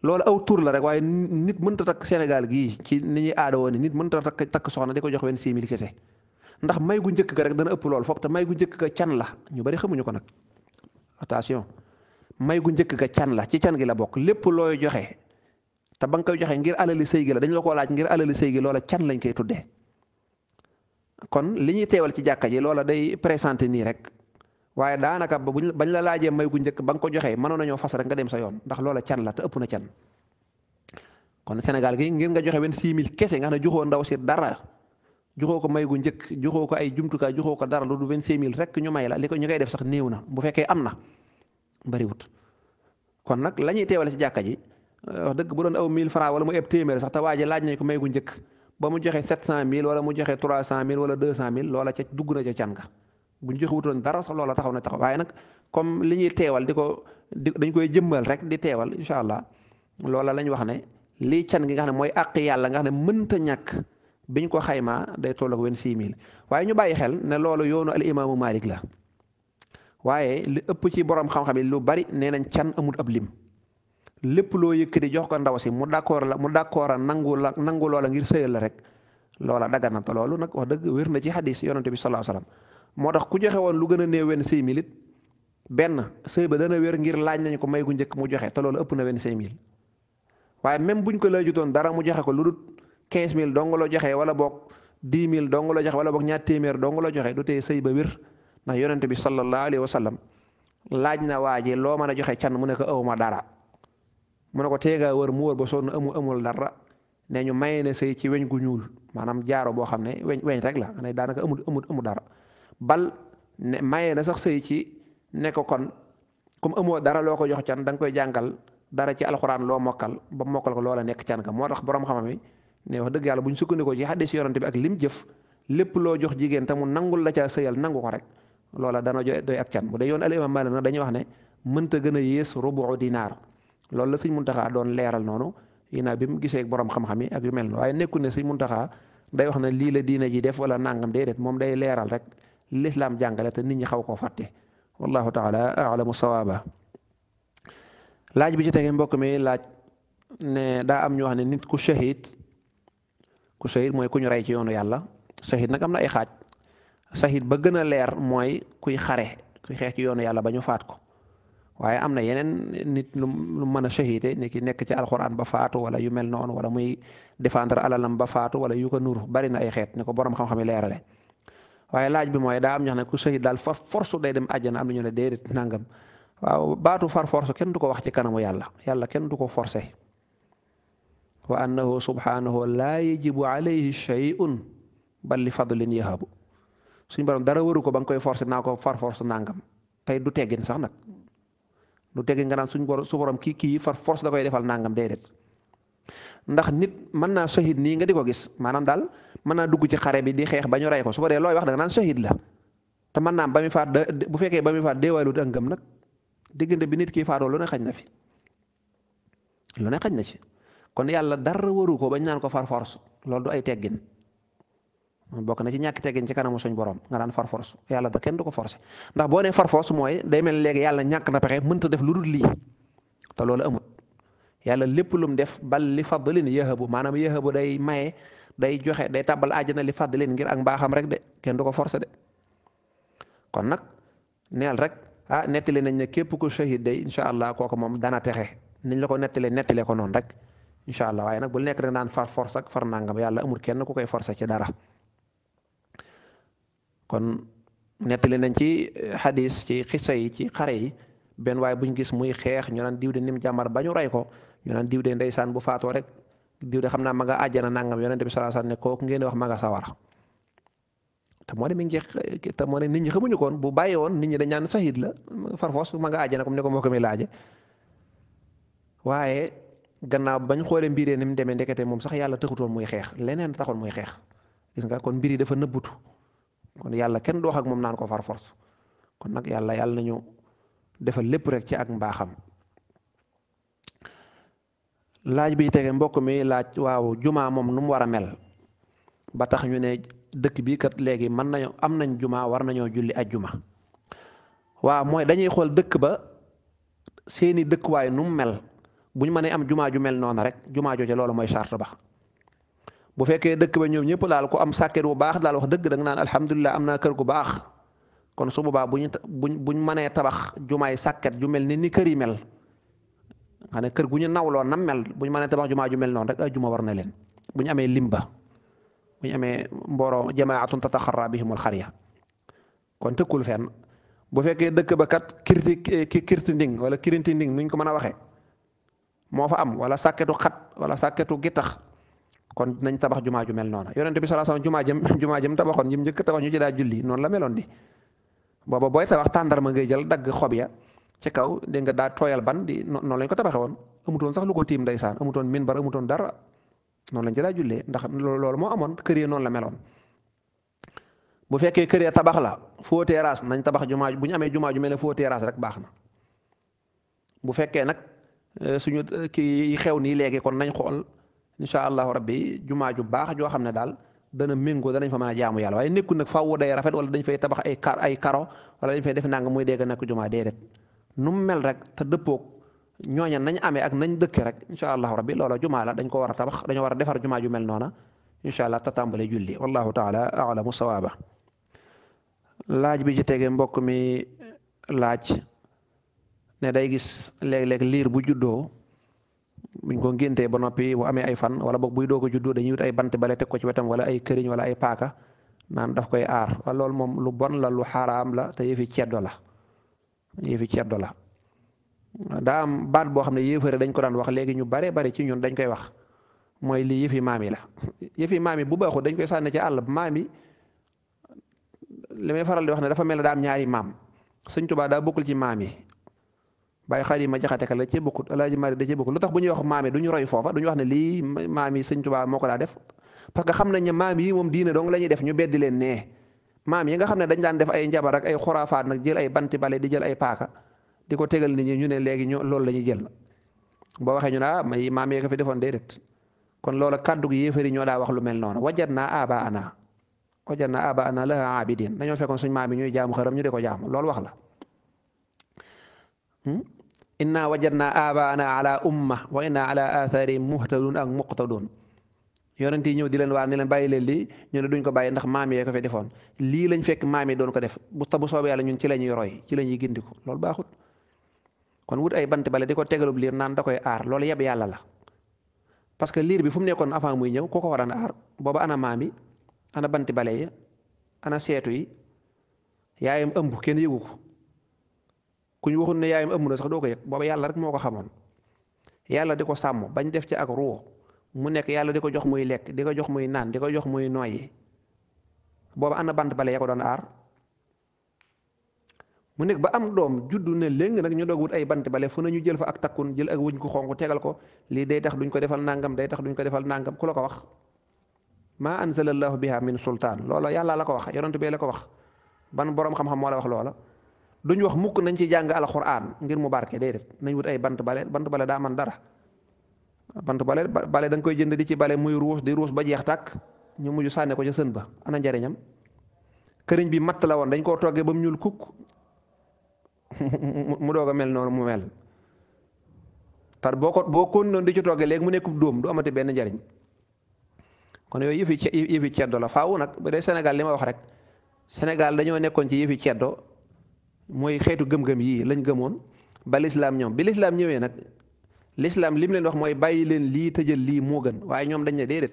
loolu aw tur la rek waaye nit mënta takk Sénégal gii ci ni ñuy aada woon nit mënta takk takk soxna di ko jox wenn kese ndax may gu njëkk ga rek dana ëpp lool foop te may gu njëkk ga can la ñu bari xamuñu ko nag attention may gu njëkk ga can la ci can gi la bokk lépp looy joxe te ba nga koy joxe ngir alali sëy gi la dañu la ko laaj ngir alali sëy loola can lañ koy tuddee kon li ñuy teewal ci jàkka ji loola day présente nii rek waaye daanaka ba bañ la laajee may gu njëkk ba nga ko joxe mënoon nañoo fas rek nga dem sa yoon ndax loola can la te ëpp na can kon Sénégal gi ngir nga joxe wenn six mille kese nga xam ne joxoo ndaw si dara joxoo ko may gu njëkk joxoo ko ay jumtukaay joxoo ko dara lu du vingt-cinq mille rek ñu may la li ko ñu koy def sax néew na bu fekkee am na bari wut kon nag la ñuy teewale ci jàkka ji euh, wax dëgg bu doon aw mille francs wala mu eb téeméer sax te waa ji laaj nañ ko may gu njëkk ba mu joxe sept cent mille wala mu joxe trois cent mille wala deux cent mille loola ca dugg na ca can ga bu ñu joxe wutoon dara sax loola taxaw na taxaw waaye nag comme li ñuy teewal di ko di dañ koy jëmbal rek di teewal incha allah loola lañ wax ne lii gi nga xam ne mooy àq yàlla nga xam ne mënta ñàkk biñ ko xaymaa day toll ak wenn six waaye ñu bàyyi xel ne loolu yoonu al imaamu Malik la waaye li ëpp ci boroom xam-xam yi lu bari nee nañ can amul ab lim lépp loo yëkk di jox ko ndaw si mu d'accord la mu d'accord a nangu la nangu loola ngir sëyal la rek loola daga na te loolu nag wax dëgg wér na ci xadis yonante bi sallallahu alayhi moo tax ku joxe woon lu gën a néew wenn six mille it benn sëy ba dana wér ngir laaj nañ ko may ku njëkk mu joxe te loolu ëpp na wenn six quinze mille dong la joxe wala boog dix mille dong la joxe wala boog ñaar téeméer dong la joxe du tee sëy ba wér ndax yonent bi sallallahu alayhi wa sallam laaj na waa ji loo mën a joxe can mu ne ko awma dara mu ne ko teega wër mu wër ba sonn amu amul dara ne ñu may na sëy ci weñ gu ñuul maanaam jaaro boo xam ne weñ weñ rek la ne daanaka amul amul amul dara bal ne maye na sax sëy ci ne kon comme amoo dara loo ko jox can da nga koy jàngal dara ci alxuraan loo mokkal ba mokkal ko loola nekk can ka moo tax borom xam-xam ne wax dëgg yàlla bu ñu sukkandikoo ci xaddis yorante bi ak lim jëf lépp loo jox jigéen te mu nangul la caa sëyal nangu ko rek loola dana jo doy ak can bu dee yoon al imam na nag wax ne mënta gën a yées rubu dinaar loolu la sëñ Muntaxa doon leeral noonu ina bi mu gisee ak borom xam-xam yi ak yu mel noonu waaye nekkul ne sëñ Muntaxa day wax ne lii la diina ji def wala nangam déedéet moom day leeral rek lislaam jàngale te nit ñi xaw koo fàtte wallahu taala alamu sawaaba laaj bi ci tege mbokk mi laaj ne daa am ñu wax ne nit ku shahid ku shahid mooy ku ñu rey ci yoonu yàlla shahid nag am na ay xaaj shahid ba gën a leer mooy kuy xare kuy xeex ci yoonu yàlla ba ñu faat ko waaye am na yeneen nit lu mën a shahide ni ki nekk ci alxuraan ba faatu wala yu mel noonu wala muy défendre alalam ba faatu wala yu ko nuru bari na ay xeet ni ko borom xam-xam yi leerale waaye laaj bi mooy daa am ñax xam ne ku shahid daal far force day dem àjjana am na ñu ne déedéet nangam waaw baatu far force kenn du ko wax ci kanamu yàlla kenn du ko forcer. waa wa annahu subhanahu laa yajibu alayhi shay'un bal li fadlin yahabu suñ borom dara waru ko ba nga koy forcé naa ko far force nangam tey du teggin sax nag du teggin nga naan suñ borom su borom kii kii far force da koy defal nangam déedéet ndax nit mën naa shahid nii nga di ko gis maanaam daal mën naa dugg ci xare bi di xeex ba ñu rey ko su ko dee looy wax da nga la te mën naa ba muy bu fekkee ba muy faat deewaalut ak ngëm nag diggante bi nit kii faatoo lu ne xaj na fi lu ne xaj na ci. kon yàlla dara waru ko bañ naan ko far force loolu du ay teggin bokk na ci ñàkk teggin ci kanamu suñ borom nga naan yàlla da kenn du ko forcer ndax boo nee far mooy day mel léegi yàlla ñàkk na pexe mënta def lu dul lii te loolu amut yàlla lépp lu mu def bal li fadlin yahabu maanaam yahabu day maye day joxe day tàbbal àjjana li fadlin ngir ak mbaaxam rek de kenn du ko forcer de kon nag neel rek ah nettali nañ ne képp ku shahid day incha allah kooku moom dana texe niñ la ko nettalee nettalee ko noonu rek. incha allah waaye nag bu nekk rek naan far force ak far nangam yàlla amul kenn ku koy forcer ci dara kon nettali nañ ci eh, xadis ci xisa yi ci xare yi benn waaye buñ gis muy xeex ñu naan diw de nim jàmbar ba ñu rey ko ñu naan diw de ndeysaan bu faatoo rek diw de xam naa ma nga nangam yonent bi sallallahu alayhi ne kook ngeen wax ma nga sawara te moo mi ngi te moo ne nit ñi xamuñu koon bu bàyyi woon nit ñi dañaan naan sahid la farfos ma nga àjjana comme ni ko moo ko mi gannaaw bañ xoolee mbir yi ni mu demee ndekete moom sax yàlla taxutoon muy xeex leneen taxoon muy xeex gis nga kon mbir yi dafa nëbbutu kon yàlla kenn doox ak moom naan ko far force kon nag yàlla yàlla nañu defal lépp rek ci ak mbaaxam. laaj bi tege mbokk mi laaj waaw jumaa moom nu mu war a mel ba tax ñu ne dëkk bi kat léegi mën nañu am nañ jumaa war nañoo julli ak juma waaw mooy dañuy xool dëkk ba seeni dëkkuwaay nu mu mel. bu ñu mënee am jumaa ju mel noonu rek jumaa jooja loolu mooy charte bu fekkee dëkk ba ñoom ñëpp daal ko am sàkket bu baax daal wax dëgg da nga am naa kër gu baax kon su boobaa bu ñu buñ buñ mënee tabax jumaay sàkket ju mel ni ni kër yi mel nga ne kër gu ñu nawloo nam mel bu ñu mënee tabax jumaa ju mel noonu rek ay juma war na leen bu ñu amee limba bu ñu amee mbooro jamaatun tataxarra bihimul xariya kon tëkkul fenn bu fekkee dëkk ba kat kirti kirti nding wala kirinti nding nuñ ko mën a waxee moo fa am wala sàkketu xat wala sàkketu gittax kon nañ tabax jumaa ju mel noona yonent bi sallallahu alayhi jumaa jëm jumaa jëm tabaxoon ñim njëkk tabax ñu ci daa julli noonu la meloon di booba booy tabax tàndarma ngay jël dagg xob ya ci kaw dégg nga daa tooyal ban di noonu lañ ko tabaxe woon amutoon sax lu ko tiim ndeysaan amutoon minbar amutoon dara noonu lañ ci daa jullee ndax loolu moo amoon kër yi noonu la meloon bu fekkee kër ya tabax la foo nañ tabax jumaa bu ñu amee jumaa ju mel ne foo terrasse rek baax na bu fekkee nag Euh, suñu euh, kii xew nii léegi kon nañ xool incha allahu rabbi jumaa ju baax joo xam ne daal dana méngoo danañ fa mën a jaamu yàlla waaye nekkul nag faaw day rafet wala dañ fay tabax ay kar ay karo wala dañ fay def nang muy dégg nekk jumaa déedéet nu mu mel rek te dëppoog ñooña nañ amee ak nañ dëkk rek incha allahu rabbi loola jumaa la dañ ko war a tabax dañoo war a defar jumaa ju mel noona incha allah te tàmbale julli wallahu taala alamu sawaaba laaj bi ci tege mbokk mi laaj ne day gis léeg-léeg liir bu juddoo buñ koo ngéntee ba noppi bu amee ay fan wala boog buy doo ko juddoo dañuy ay bant bale teg ko ci wetam wala ay këriñ wala ay paaka naan daf koy aar wala loolu moom lu bon la lu xaaraam la te yëfi ceddo la yëfi ceddo la daa am baat boo xam ne yéefare dañ ko daan wax léegi ñu bare bari ci ñun dañ koy wax mooy lii yëfi maam yi la yëfi maam yi bu baaxul dañ koy sànni ci àll maam yi li may faral di wax ne dafa mel ne daa am ñaari maam sëñ Tuubaa daa bokkul ci maam yi bàyyi xaar yi ma jaxate ka la a bokkut alaaji maali da cee bokkut lu tax bu ñuy wax maam du ñu roy foofa du ñu wax ne lii maam yi sëñ Tuubaa moo ko daa def parce que xam nañ ne maam yi moom diine dong la def ñu beddi leen nee maam yi nga xam ne dañ daan def ay njabar ak ay xuraafaat nag jël ay banti bale di jël ay paaka di ko tegal nit ñi ñu ne léegi ñu loolu la ñuy jël boo waxee ñu naa ah, may maam yee ko fi defoon déedéet kon loola kàddu gi yéefari ñoo daa wax lu mel noonu wajat naa aba ana wajat naa aba ana la abidin dañoo fekkoon suñ maam yi ñuy jaamu xaram ñu di ko jaamu loolu wax la hmm? inna wajadna abaana ala umma wa inna ala atharihim muhtadun ak muqtadun yonent yi ñëw di leen waar ni leen bàyyi leen lii ñu ne duñ ko bàyyi ndax maam yee ko fi defoon lii lañ fekk maam yi doon ko def bu ta bu soobee yàlla ñun ci la ñuy roy ci la ñuy gindiku loolu baaxut kon wut ay bant bale di ko tegalub liir naan da koy aar loolu yeb yàlla la parce que liir bi fu mu nekkoon avant muy ñëw koo ko waran aar booba ana maam ana banti bale yi ana seetu yi yaayam ëmb kenn yëgu ku ñu waxoon ne yaayam ëmb na sax doo ko yëg booba yàlla rek moo ko xamoon yàlla di ko sàmm bañ def ci ak ruux mu nekk yàlla di ko jox muy lekk di ko jox muy naan di ko jox muy noyyi booba ana bant bale ya ko doon aar mu nekk ba am doom juddu ne léng nag ñu doog wut ay bant bale fu ne ñu jël fa ak takkun jël ak wuñ ku xonq tegal ko lii day tax duñ ko defal nangam day tax duñ ko defal nangam ku la ko wax maa anzalallahu biha min sultaan loola yàlla la ko wax yonent bee la ko wax ban boroom xam moo la wax duñ wax mukk nañ ci jàng alxuraan ngir mu barke day déedéet nañ wut ay bant bale bant bale daa man dara bant bale bale da koy jënd di ci bale muy ruus di ruus ba jeex tàkk ñu mujj sànne ko ca sën ba ana njariñam këriñ bi matt la woon dañ koo toggee ba mu ñuul kukk mu doog mel noonu mu mel tar boo ko boo kon noonu di ci toggee léegi mu nekkul dóom du amati benn njariñ kon yooyu yëfi yëfi ceddo la faaw nag ba dee Sénégal li ma wax rek senegal dañoo nekkoon ci yëfi mooy xeetu gëm-gëm yii lañ gëmoon ba lislaam ñoom bi lislaam ñëwee nag lislaam lim leen wax mooy bàyyi leen lii tëjal lii moo gën waaye ñoom dañ ne déedéet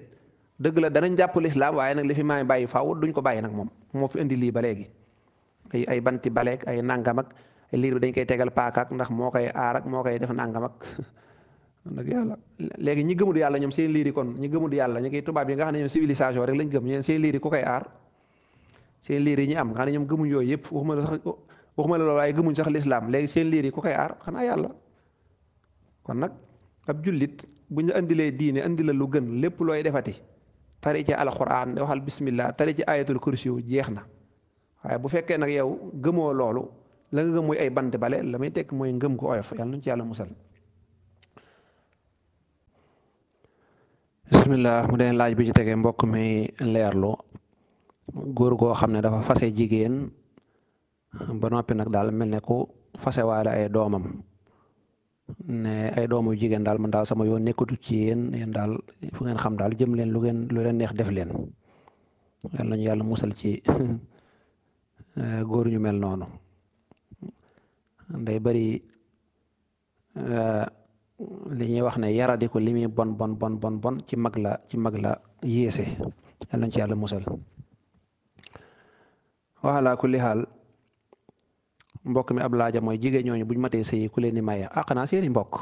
dëgg la danañ jàpp lislaam waaye nag li fi maay bàyyi faaw duñ ko bàyyi nag moom moo fi indi lii ba léegi ay ay banti baleeg ay nangam ak liir bi dañ koy tegal paakaak ndax moo koy aarak moo koy def nangam ak nag yàlla léegi ñi gëmul yàlla ñoom seen liir yi kon ñi gëmul yàlla ñu ngi tubaab yi nga xam ne ñoom civilisation rek lañ gëm ñeen seen liir yi ku koy aar seen ñu am nga xam ñoom gëmuñ yooyu yëpp waxuma la loolu waaye gëmuñ sax lislaam léegi seen liir yi ku koy aar xanaa yàlla kon nag ab jullit bu ñu andilee diine andi la lu gën lépp looy defati tari ci alquran waxal bismillah tari ci jeex na bu fekkee nag yow gëmoo loolu la nga ay bant bale la muy tekk mooy ngëm ko oyof yàlla nañu ci yàlla musal bismillah mu deen laaj bi ci tegee mbokk mi leerlu góor goo xam ne dafa fase jigéen ba noppi nag daal mel ne ku fasewaale ay doomam ne ay doomu jigéen daal man daal sama yoon nekkatut ci yéen yéen daal fu ngeen xam daal jëm leen lu ngeen lu leen neex def leen yal yàlla musal ci góor ñu mel noonu day bari eh, li ñuy wax ne yaradi ko li muy bon ci mag la ci mag la yéese yal ci yàlla musal waxalaa kulli mbokk mi ab laaja mooy jigéen ñooñu bu buñ matee sëyi ku leen di maye a ah, xanaa seeni mbokk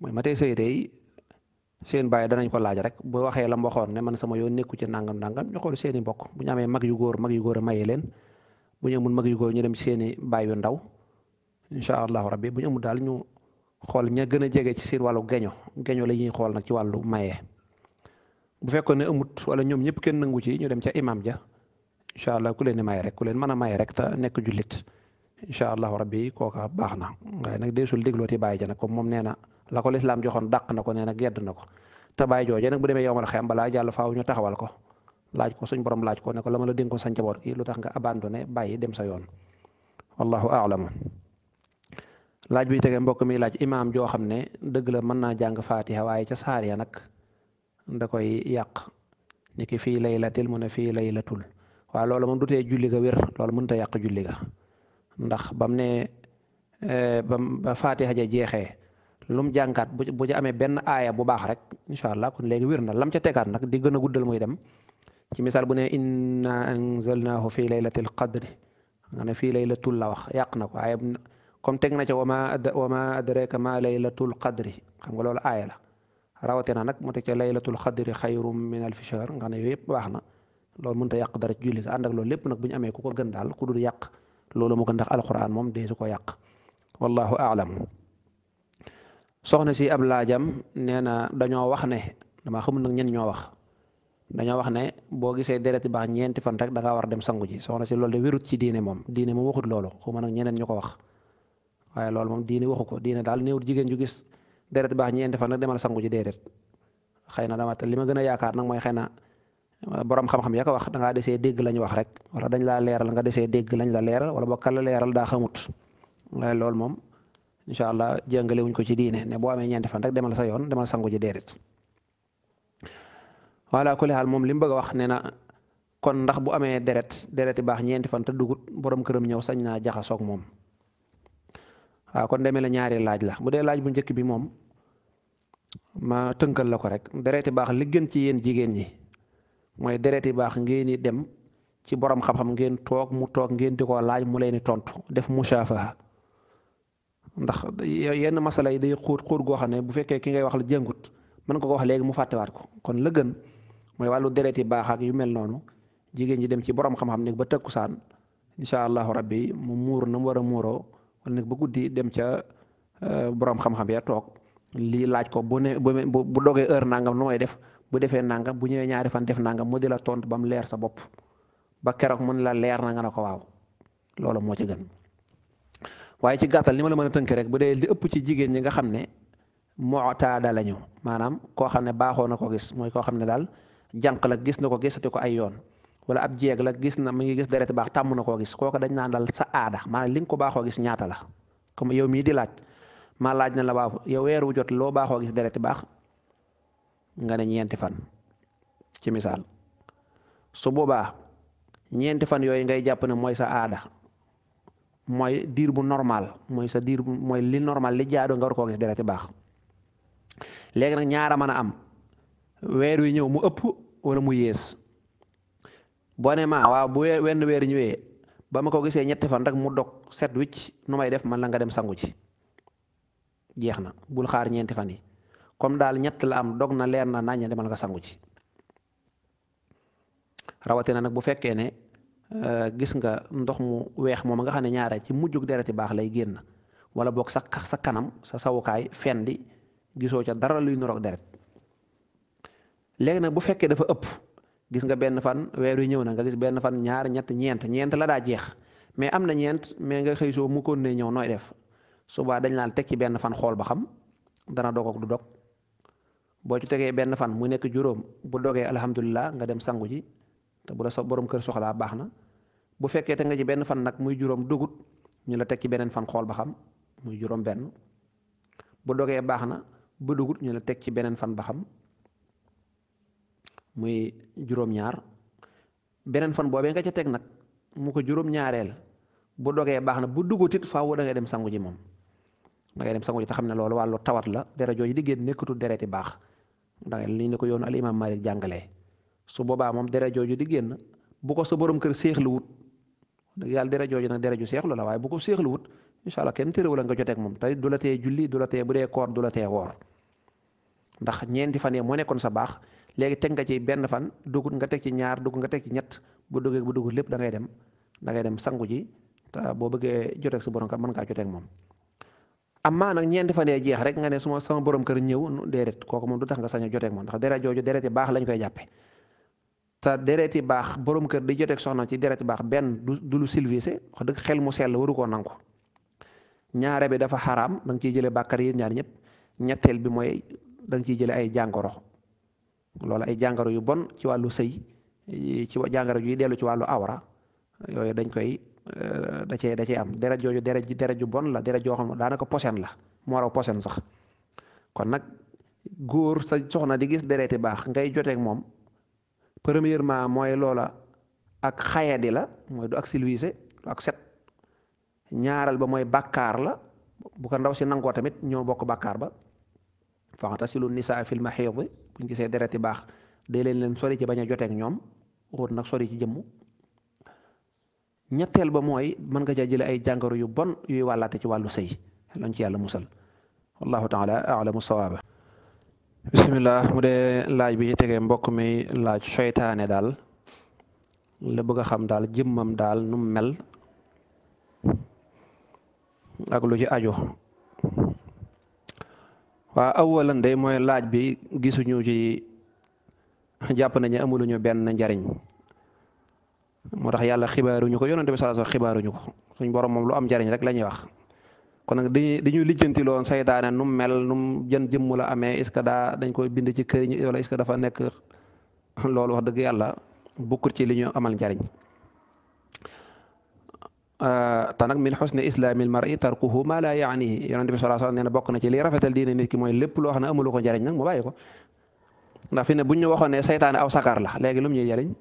mooy matee sëyi tey seen bàyyi danañ ko laaj rek bu waxee la mu ne man sama yoon nekku ci nangam nangam ñu xool seeni mbokk bu ñu amee mag yu góor mag yu góor a leen bu ñu amul mag yu góor ñu dem seeni baay yu ndaw incha allahu bu ñu daal ñu xool ña gën a jege ci seen wàllu geño geño la ñuy xool nag ci wàllu maye bu fekkoon ne amut wala ñoom ñëpp kenn nangu ci ñu dem ca imam ja incha allah ku leen may rek ku leen mën a may rek te nekk jullit incha allahu rabbi kooka baax na waaye nag deesul déglooti bàyyi ja nag comme moom nee na la ko lislaam joxoon dàq na ko nee na gedd na ko te bàyyi jooje nag bu demee yowmal xiyam balaa jàll faaw ñu taxawal ko laaj ko suñ borom laaj ko ne ko la ma la dénkoon sa njaboot gi lu tax nga abandonné bàyyi dem sa yoon wallahu a'lam laaj bi tege mbokk mi laaj imaam joo xam ne dëgg la mën naa jàng faatiha waaye ca saar ya nag da koy yàq ki fii laylatil mu ne fii laylatul waaw loolu moom du tee julli ga wér loolu mënut a yàq julli ga ndax bam ne eh, ba ba faatiha ja jeexee lu mu bu bu ci amee benn aaya bu baax rek incha allah kon léegi wér na lam ca tegaat nag di gën a guddal muy dem ci misaal bu ne inna anzalnaahu fii laylatil qadri nga ne fii laylatul la wax yàq na ko waaye teg na ca wa ma wa ma adraka ma laylatul qadri xam nga loolu aaya la rawatina nag mu teg ca laylatul qadri xayrum min alfi shahr nga ne yooyu yëpp baax na lool mun a yàq dara ci julli ga ànd ak loolu lépp nag bu ñu amee ku ko gën daal ku dul yàq loolu mu gën ndax alxuraan moom dee su ko yàq wallahu aalam soxna si ab laajam nee na dañoo wax ne damaa xamul nag ñen ñoo wax dañoo wax ne boo gisee deret baax ñeenti fan rek da war a dem sangu ji soxna si loolu de wérut ci diine moom diine moom waxut loolu xuma nag ñeneen ñu ko wax waaye loolu moom diine waxu ko diine daal néewul jigéen ju gis deret baax ñeenti fan rek demal sangu ji déedéet xëy na dama te li ma gën a yaakaar nag mooy xay na borom xam-xam ya ko wax da ngaa desee dégg lañ wax rek wala dañ laa leeral nga desee dégg lañ la leeral wala ba kala leeral daa xamut waaye loolu moom incha allah jàngale wuñ ko ci diine ne boo amee ñeenti fan rek demal sa yoon demal sangu ji déedéet. voilà ku moom li mu bëgg wax nee na kon ndax bu amee deret deret yi baax ñeenti fan te dugut këram ñëw sañ naa jaxasoog moom waaw kon demee la ñaari laaj la bu dee laaj bu njëkk bi moom ma tënkal la ko rek deret baax li gën ci yéen jigéen ñi. mooy deret yi baax ngeen di dem ci borom xam-xam ngeen toog mu toog ngeen di ko laaj mu leen di tontu def musaafaha ndax yenn masala yi day xuut xóot goo xam ne bu fekkee ki ngay wax la jëngut mën nga ko wax léegi mu fàttewaat ko kon la gën mooy wàllu deret yi baax ak yu mel noonu jigéen ji dem ci borom xam-xam nekk ba saan incha allahu rabbi mu muur na mu war a muuroo wala nekk ba guddi dem ca euh, borom xam-xam ya toog lii laaj ko bu ne bu dogee heure nangam nu def. bu defee nangam bu ñëwee ñaari fan def nangam mu di la ton ba mu leer sa bopp ba keroog mun la leer na nga ne ko waaw loolu moo ci gën waaye ci gàttal li ma la mën a tënk rek bu dee di ëpp ci jigéen ñi nga xam ne moo la ñu maanaam koo xam ne baaxoo na ko gis mooy koo xam ne daal jànq la gis na ko gisati ko ay yoon wala ab jeeg la gis na mu ngi gis deret baax tàmm na koo gis kooka dañ naan dal sa aada maanaam li nga ko baaxoo gis ñaata la comme yow baax nga ne ñeenti fan ci misaal su boobaa ñeenti fan yooyu ngay jàpp ne mooy sa aada mooy diir bu normal mooy sa diir mooy li normal li jaadoo nga war koo gis dara baax léegi nag ñaara mën am weer wi ñëw mu ëpp wala mu yées boo ne maa waaw bu wenn weer ñëwee ba ma ko gisee ñetti fan rek mu dog set wicc nu may def man la nga dem sangu ci jeex na bul xaar ñeenti fan yi comme daal ñett la am dog na leer na naññe demal nga sangu ci rawatina nag bu fekkee ne euh, gis nga ndox mu weex moom nga xam ne ñaare ci mujjug dereti baax lay génn wala boog sa sa kanam sa sawukaay fen di gisoo ca dara luy noroog deret léegi nag bu fekkee dafa ëpp gis nga benn fan weeru ñëw na nga gis benn fan ñaar ñett ñeent ñeent la daa jeex mais am na ñeent mais nga xëy soo mu koon ne ñëw nooy def subaa dañ laan teg ci benn fan xool ba xam dana dog boo ci tegee benn fan mu nekk juróom bu dogee alhamdulilah nga dem sangu ji te bu la sa borom kër soxlaa baax na bu fekkee te nga ci benn fan nag muy juróom dugut ñu la teg ci beneen fan xool ba xam muy juróom benn bu dogee baax na bu dugut ñu la teg ci beneen fan ba xam muy juróom-ñaar beneen fan boobee nga ca teg nag mu ko juróom-ñaareel bu dogee baax na bu dugutit faaw da ngay dem sangu ji moom da ngay dem sangu ji te xam ne loolu wàllu tawat la deret jooju di génn nekkatul dereti baax ndax li ñu ko yoonu al imam Malik jàngalee su boobaa moom dere jooju di génn bu ko sa borom kër seexluwut dëgg yàlla dere jooju nag dere ju seexlu la waaye bu ko seexluwut incha allah kenn terewul nga joteeg moom tey du tee julli du la tee bu dee koor du la tee woor ndax ñeenti fan yii moo nekkoon sa baax léegi teg nga ci benn fan dugut nga teg ci ñaar dugut nga teg ci ñett bu duggee bu dugut lépp dangay dem da dem sangu ji te boo bëggee joteeg sa borom mën ngaa joteeg moom amaa nag ñeenti fan yee jeex rek nga ne suma sama borom kër ñëw déedéet kooku moom du tax nga sañ a joteeg moom ndax deret jooju deret yi baax lañ koy jàppe te deret yi baax borom kër di joteeg soxna ci deret baax benn du du lu silvisé wax dëgg xel mu la waru koo nangu ñaare bi dafa xaraam da nga ciy jëlee bàkkar yi ñaar ñëpp ñetteel bi mooy da nga ciy jëlee ay jàngoro loolu ay jàngaro yu bon ci wàllu sëy ci jàngaro yuy dellu ci wàllu awra yooyu dañ koy Euh, da cee da cee am deret jooju deret deret ju bon la deret joo xam daanaka posen la moo raw posen sax kon nag góor sa soxna di gis dereti baax ngay joteeg moom premièrement mooy loola ak xayadi la mooy du ak silwiise du ak set ñaaral ba mooy bàkkaar la bu ko ndaw si nangoo tamit ñoo bokk bàkkaar ba fa'tasilu nisaa fil mahiid buñ gisee dereti baax day leen leen sori ci bañ a joteeg ñoom wut nag sori ci jëmm ñetteel ba mooy mën nga caa jële ay jàngoro yu bon yuy wàllaate ci wàllu sëy lañ ci yàlla musal wallahu taala alamu sawaaba bisimilah mu dee laaj bi ci tegee mbokk mi laaj seytaane daal la bëgg a xam daal jëmmam daal nu mu mel ak lu ci aju waa awalan mooy laaj bi gisuñu ci jàpp nañu amuluñu benn njariñ moo tax yàlla xibaaruñu ko yonente bi sallallahu alayhi wasallam xibaaruñu ko suñ borom moom lu am njariñ rek la ñuy wax kon nag dañuy dañuy lijjanti loon saytaane nu mu mel nu mu jën jëmm la amee est-ce que daa dañ koy bind ci kër yi wala est dafa nekk loolu wax dëgg yàlla bokkut ci li ñu amal njariñ euh, te nag min xusni islaamil mar'i tarkuhu ma la yaanihi yonente bi bokk na ci li rafetal diine nit ki mooy lépp loo xam ne amulu ko njariñ nag mu bàyyi ko ndax fi ne buñ ñu waxoon ne aw sakar la léegi lu mu ñuy jariñ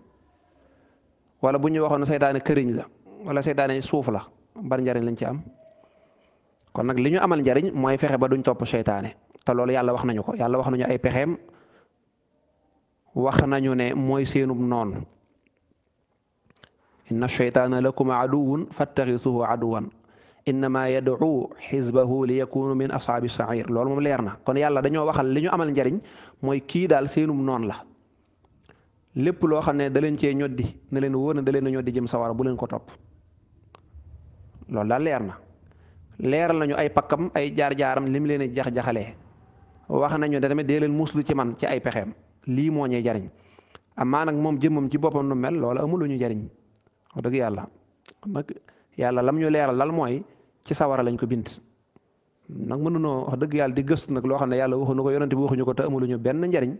wala bu ñu waxoon seytaane këriñ la wala seytaane suuf la ban njariñ lañ ci am kon nag li ñu amal njariñ mooy fexe ba duñ topp seytaane te loolu yàlla wax nañu ko yàlla wax nañu ay pexeem wax nañu ne mooy seenub noon inna sheytaana lakum aduwun fattaxisuhu aduwan innama yad'u xisbahu li yakunu min ashaabi sair loolu moom leer na kon yàlla dañoo waxal li ñu amal njariñ mooy kii daal seenum noon la lépp loo xam ne da leen cee ñoddi ne leen wóor na da leen a ñoddi jëm sawara bu leen ko topp loolu daal leer na leeral nañu ay pakkam ay jaar-jaaram lim leen jax-jaxalee wax nañu ne tamit leen muslu ci man ci ay pexeem lii moo ñuy jariñ amaa nag moom jëm moom ci boppam nu mel lool amul ñu njariñ wax dëgg yàlla nag yàlla lam ñu leeral lal mooy ci sawara lañ ko bind nag mënunoo wax dëgg yàlla di gëstu nag loo xam ne yàlla waxu na ko yonante bi waxuñu ko te amuluñu benn njariñ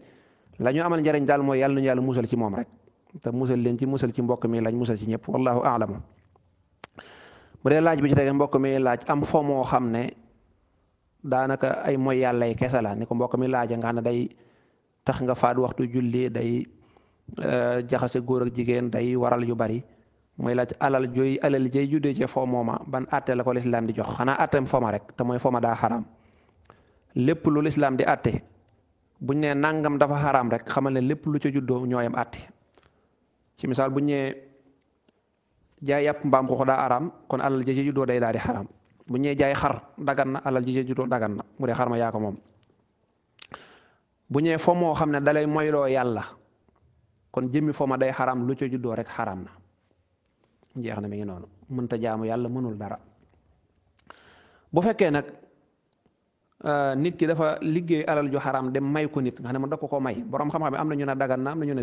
la ñu amal njariñ daal mooy yàlla nañu yàlla musal ci moom rek te musal leen ci musal ci mbokk mi lañ musal ci ñëpp wallahu alamu bu laaj bi ci tege mbokk mi laaj am fo moo xam ne daanaka ay mooy yàlla yi kese ni ko mbokk mi laaja nga xam ne day tax nga faat waxtu julli day euh, jaxase góor ak jigéen day waral yu bari mooy laaj alal joy alal jay juddee ci fo mooma ban atte la ko lislaam di jox xanaa atteem foma rek te mooy foma daa xaraam lépp lu lislaam di atte buñ nee nangam dafa xaraam rek xamal ne lépp lu ca juddoo ñooyam àtte ci misaal bu nee jaay yàpp mbaam xuux daa araam kon alal ja ca juddoo day daal di xaraam bu nee jaay xar dagan na alal ji ca juddoo dagan na mu dee xar ma yaa ko moom bu ñee fo moo xam ne dalay moyloo yàlla kon jëmmi fo day xaram lu ca juddoo rek xaraam na jeex na mi ngi noonu mënta jaamu yàlla mënul dara bu fekkee nag Euh, nit ki dafa liggéey alal ju xaraam dem may ko nit nga xam ne mu da ko ko may borom xam-xam am na ñu ne dagan na am na ñu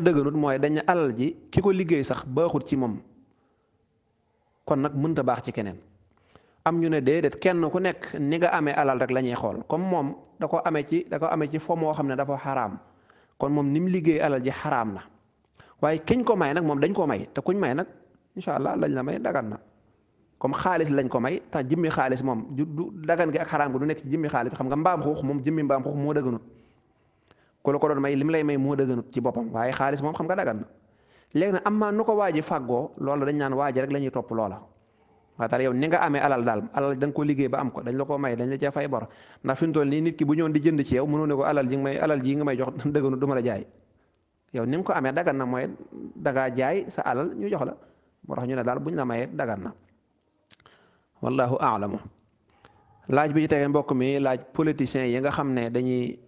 dëgganut mooy dañ ne alal ji ki ko liggéey sax baaxut ci moom kon nag mënta baax ci keneen am ñu ne déedéet kenn ku nekk ni nga amee alal rek lañuy xool comme moom da ko amee ci da amee ci fo moo xam ne dafa xaraam kon moom ni mu liggéey alal ji xaraam na waaye kiñ ko may nag moom dañ ko may te kuñ may nag incha allah lañ la may dagan na. comme xaalis lañ ko may te jëmmi xaalis moom du dagan gi ak xaraam gi du nekk ci jëmmi xaalis xam nga mbaam xuux moom jëmmi mbaam xuux moo dëgganut ku ko doon may lim lay may moo dëgganut ci boppam waaye xaalis moom xam nga dagan na léegi nag am maa nu ko waaji fàggoo loolu dañ naan waaji rek la ñuy topp loola waa ni nga amee alal daal alal ko liggéey ba am ko dañ la ko may dañ la cee fay bor ndax fi mu toll nii nit ki bu ñëwoon di jënd ci yow mënoo nga may alal ji nga ni nga ko amee dagan na mooy dangaa jaay sa alal ñu jox la moo tax ñu ne daal bu ñu la mayee dagan na wallahu aalamu laaj bi ci tege mbokk mi laaj politiciens yi nga xam ne dañuy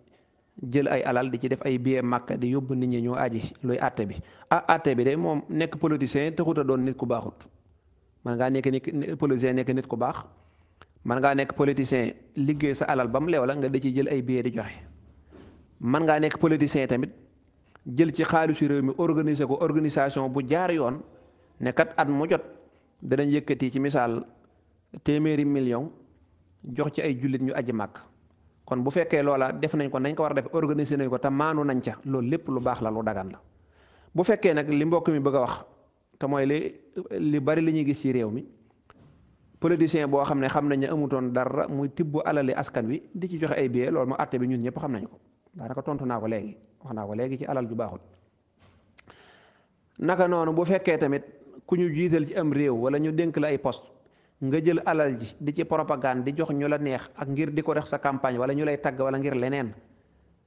jël ay alal di ci def ay billet màkk di yóbbu nit ñi ñu aji luy àtte bi ah àtte bi de moom nekk politicien taxut a doon nit ku baaxut man ngaa nekk nit politicien nekk nit ku baax man ngaa nekk politicien liggéey sa alal ba mu leew la nga da ci jël ay billet di joxe man ngaa nekk politicien tamit jël ci xaalisu réew mi organiser ko organisation bu jaar yoon ne at mu jot danañ yëkkati ci misaal téeméeri million jox ci ay jullit ñu aji màkk kon bu fekkee loola def nañ ko nañ ko war a def organiser nañ ko te maanu nañ ca loolu lépp lu baax la lu dagan la bu fekkee nag li mbokk mi bëgg a wax te mooy li li bari li ñuy gis ci réew mi politicien boo xam ne xam nañ ne amutoon dara muy tibb alali askan wi di ci joxe ay billets loolu mu àtte bi ñun ñëpp xam nañ ko daanaka tontu naa ko léegi wax naa ko léegi ci alal ju baaxul naka noonu bu fekkee tamit ku ñu jiital ci am réew wala ñu dénk la ay poste nga jël alal ji di ci propagande di jox ñu la neex ak ngir di ko def sa campagne wala ñu lay tagg wala ngir leneen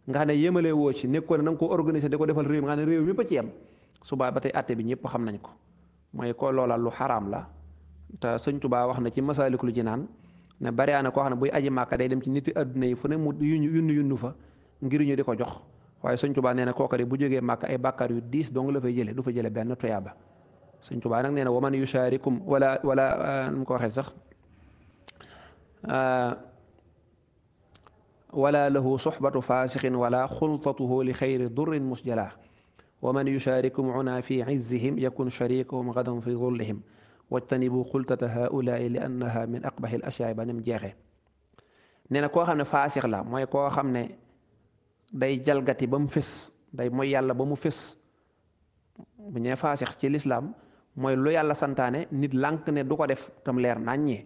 nga xam ne yéemalee woo ci nekkoon na ko organiser di ko defal réew mi nga xam ne réew ci yem subaa ba tey atte bi ñëpp xam nañ ko mooy ko loola lu xaraam la te sëñ Tuubaa wax na ci Masaalikul Jinaan ne bari na koo xam ne buy aji màkka day dem ci nit adduna yi fu ne mu yuñu yunnu yunnu fa ngir ñu di ko jox waaye sëñ Tuubaa nee na kooka de bu jógee màkk ay bàkkaar yu diis dong la fay jële du fa jële benn tuyaaba sëñ Tuubaa nag nee na waman yusharikum wala wala ah, nu mu ko waxee sax ah, wala lahu suxbatu faasixin wala xultatuhu li fi izzihim yakun sharikuhum gadan fi dullihim min aqbaxi l ba nim jeexee nee na koo xam ne faasix la mooy koo ne day jalgati ba mu fés day mooy yàlla ba mu fés bu ñee faasix ci lislaam mooy lu yàlla santaane nit lànk ne du ko def tam leer nàññee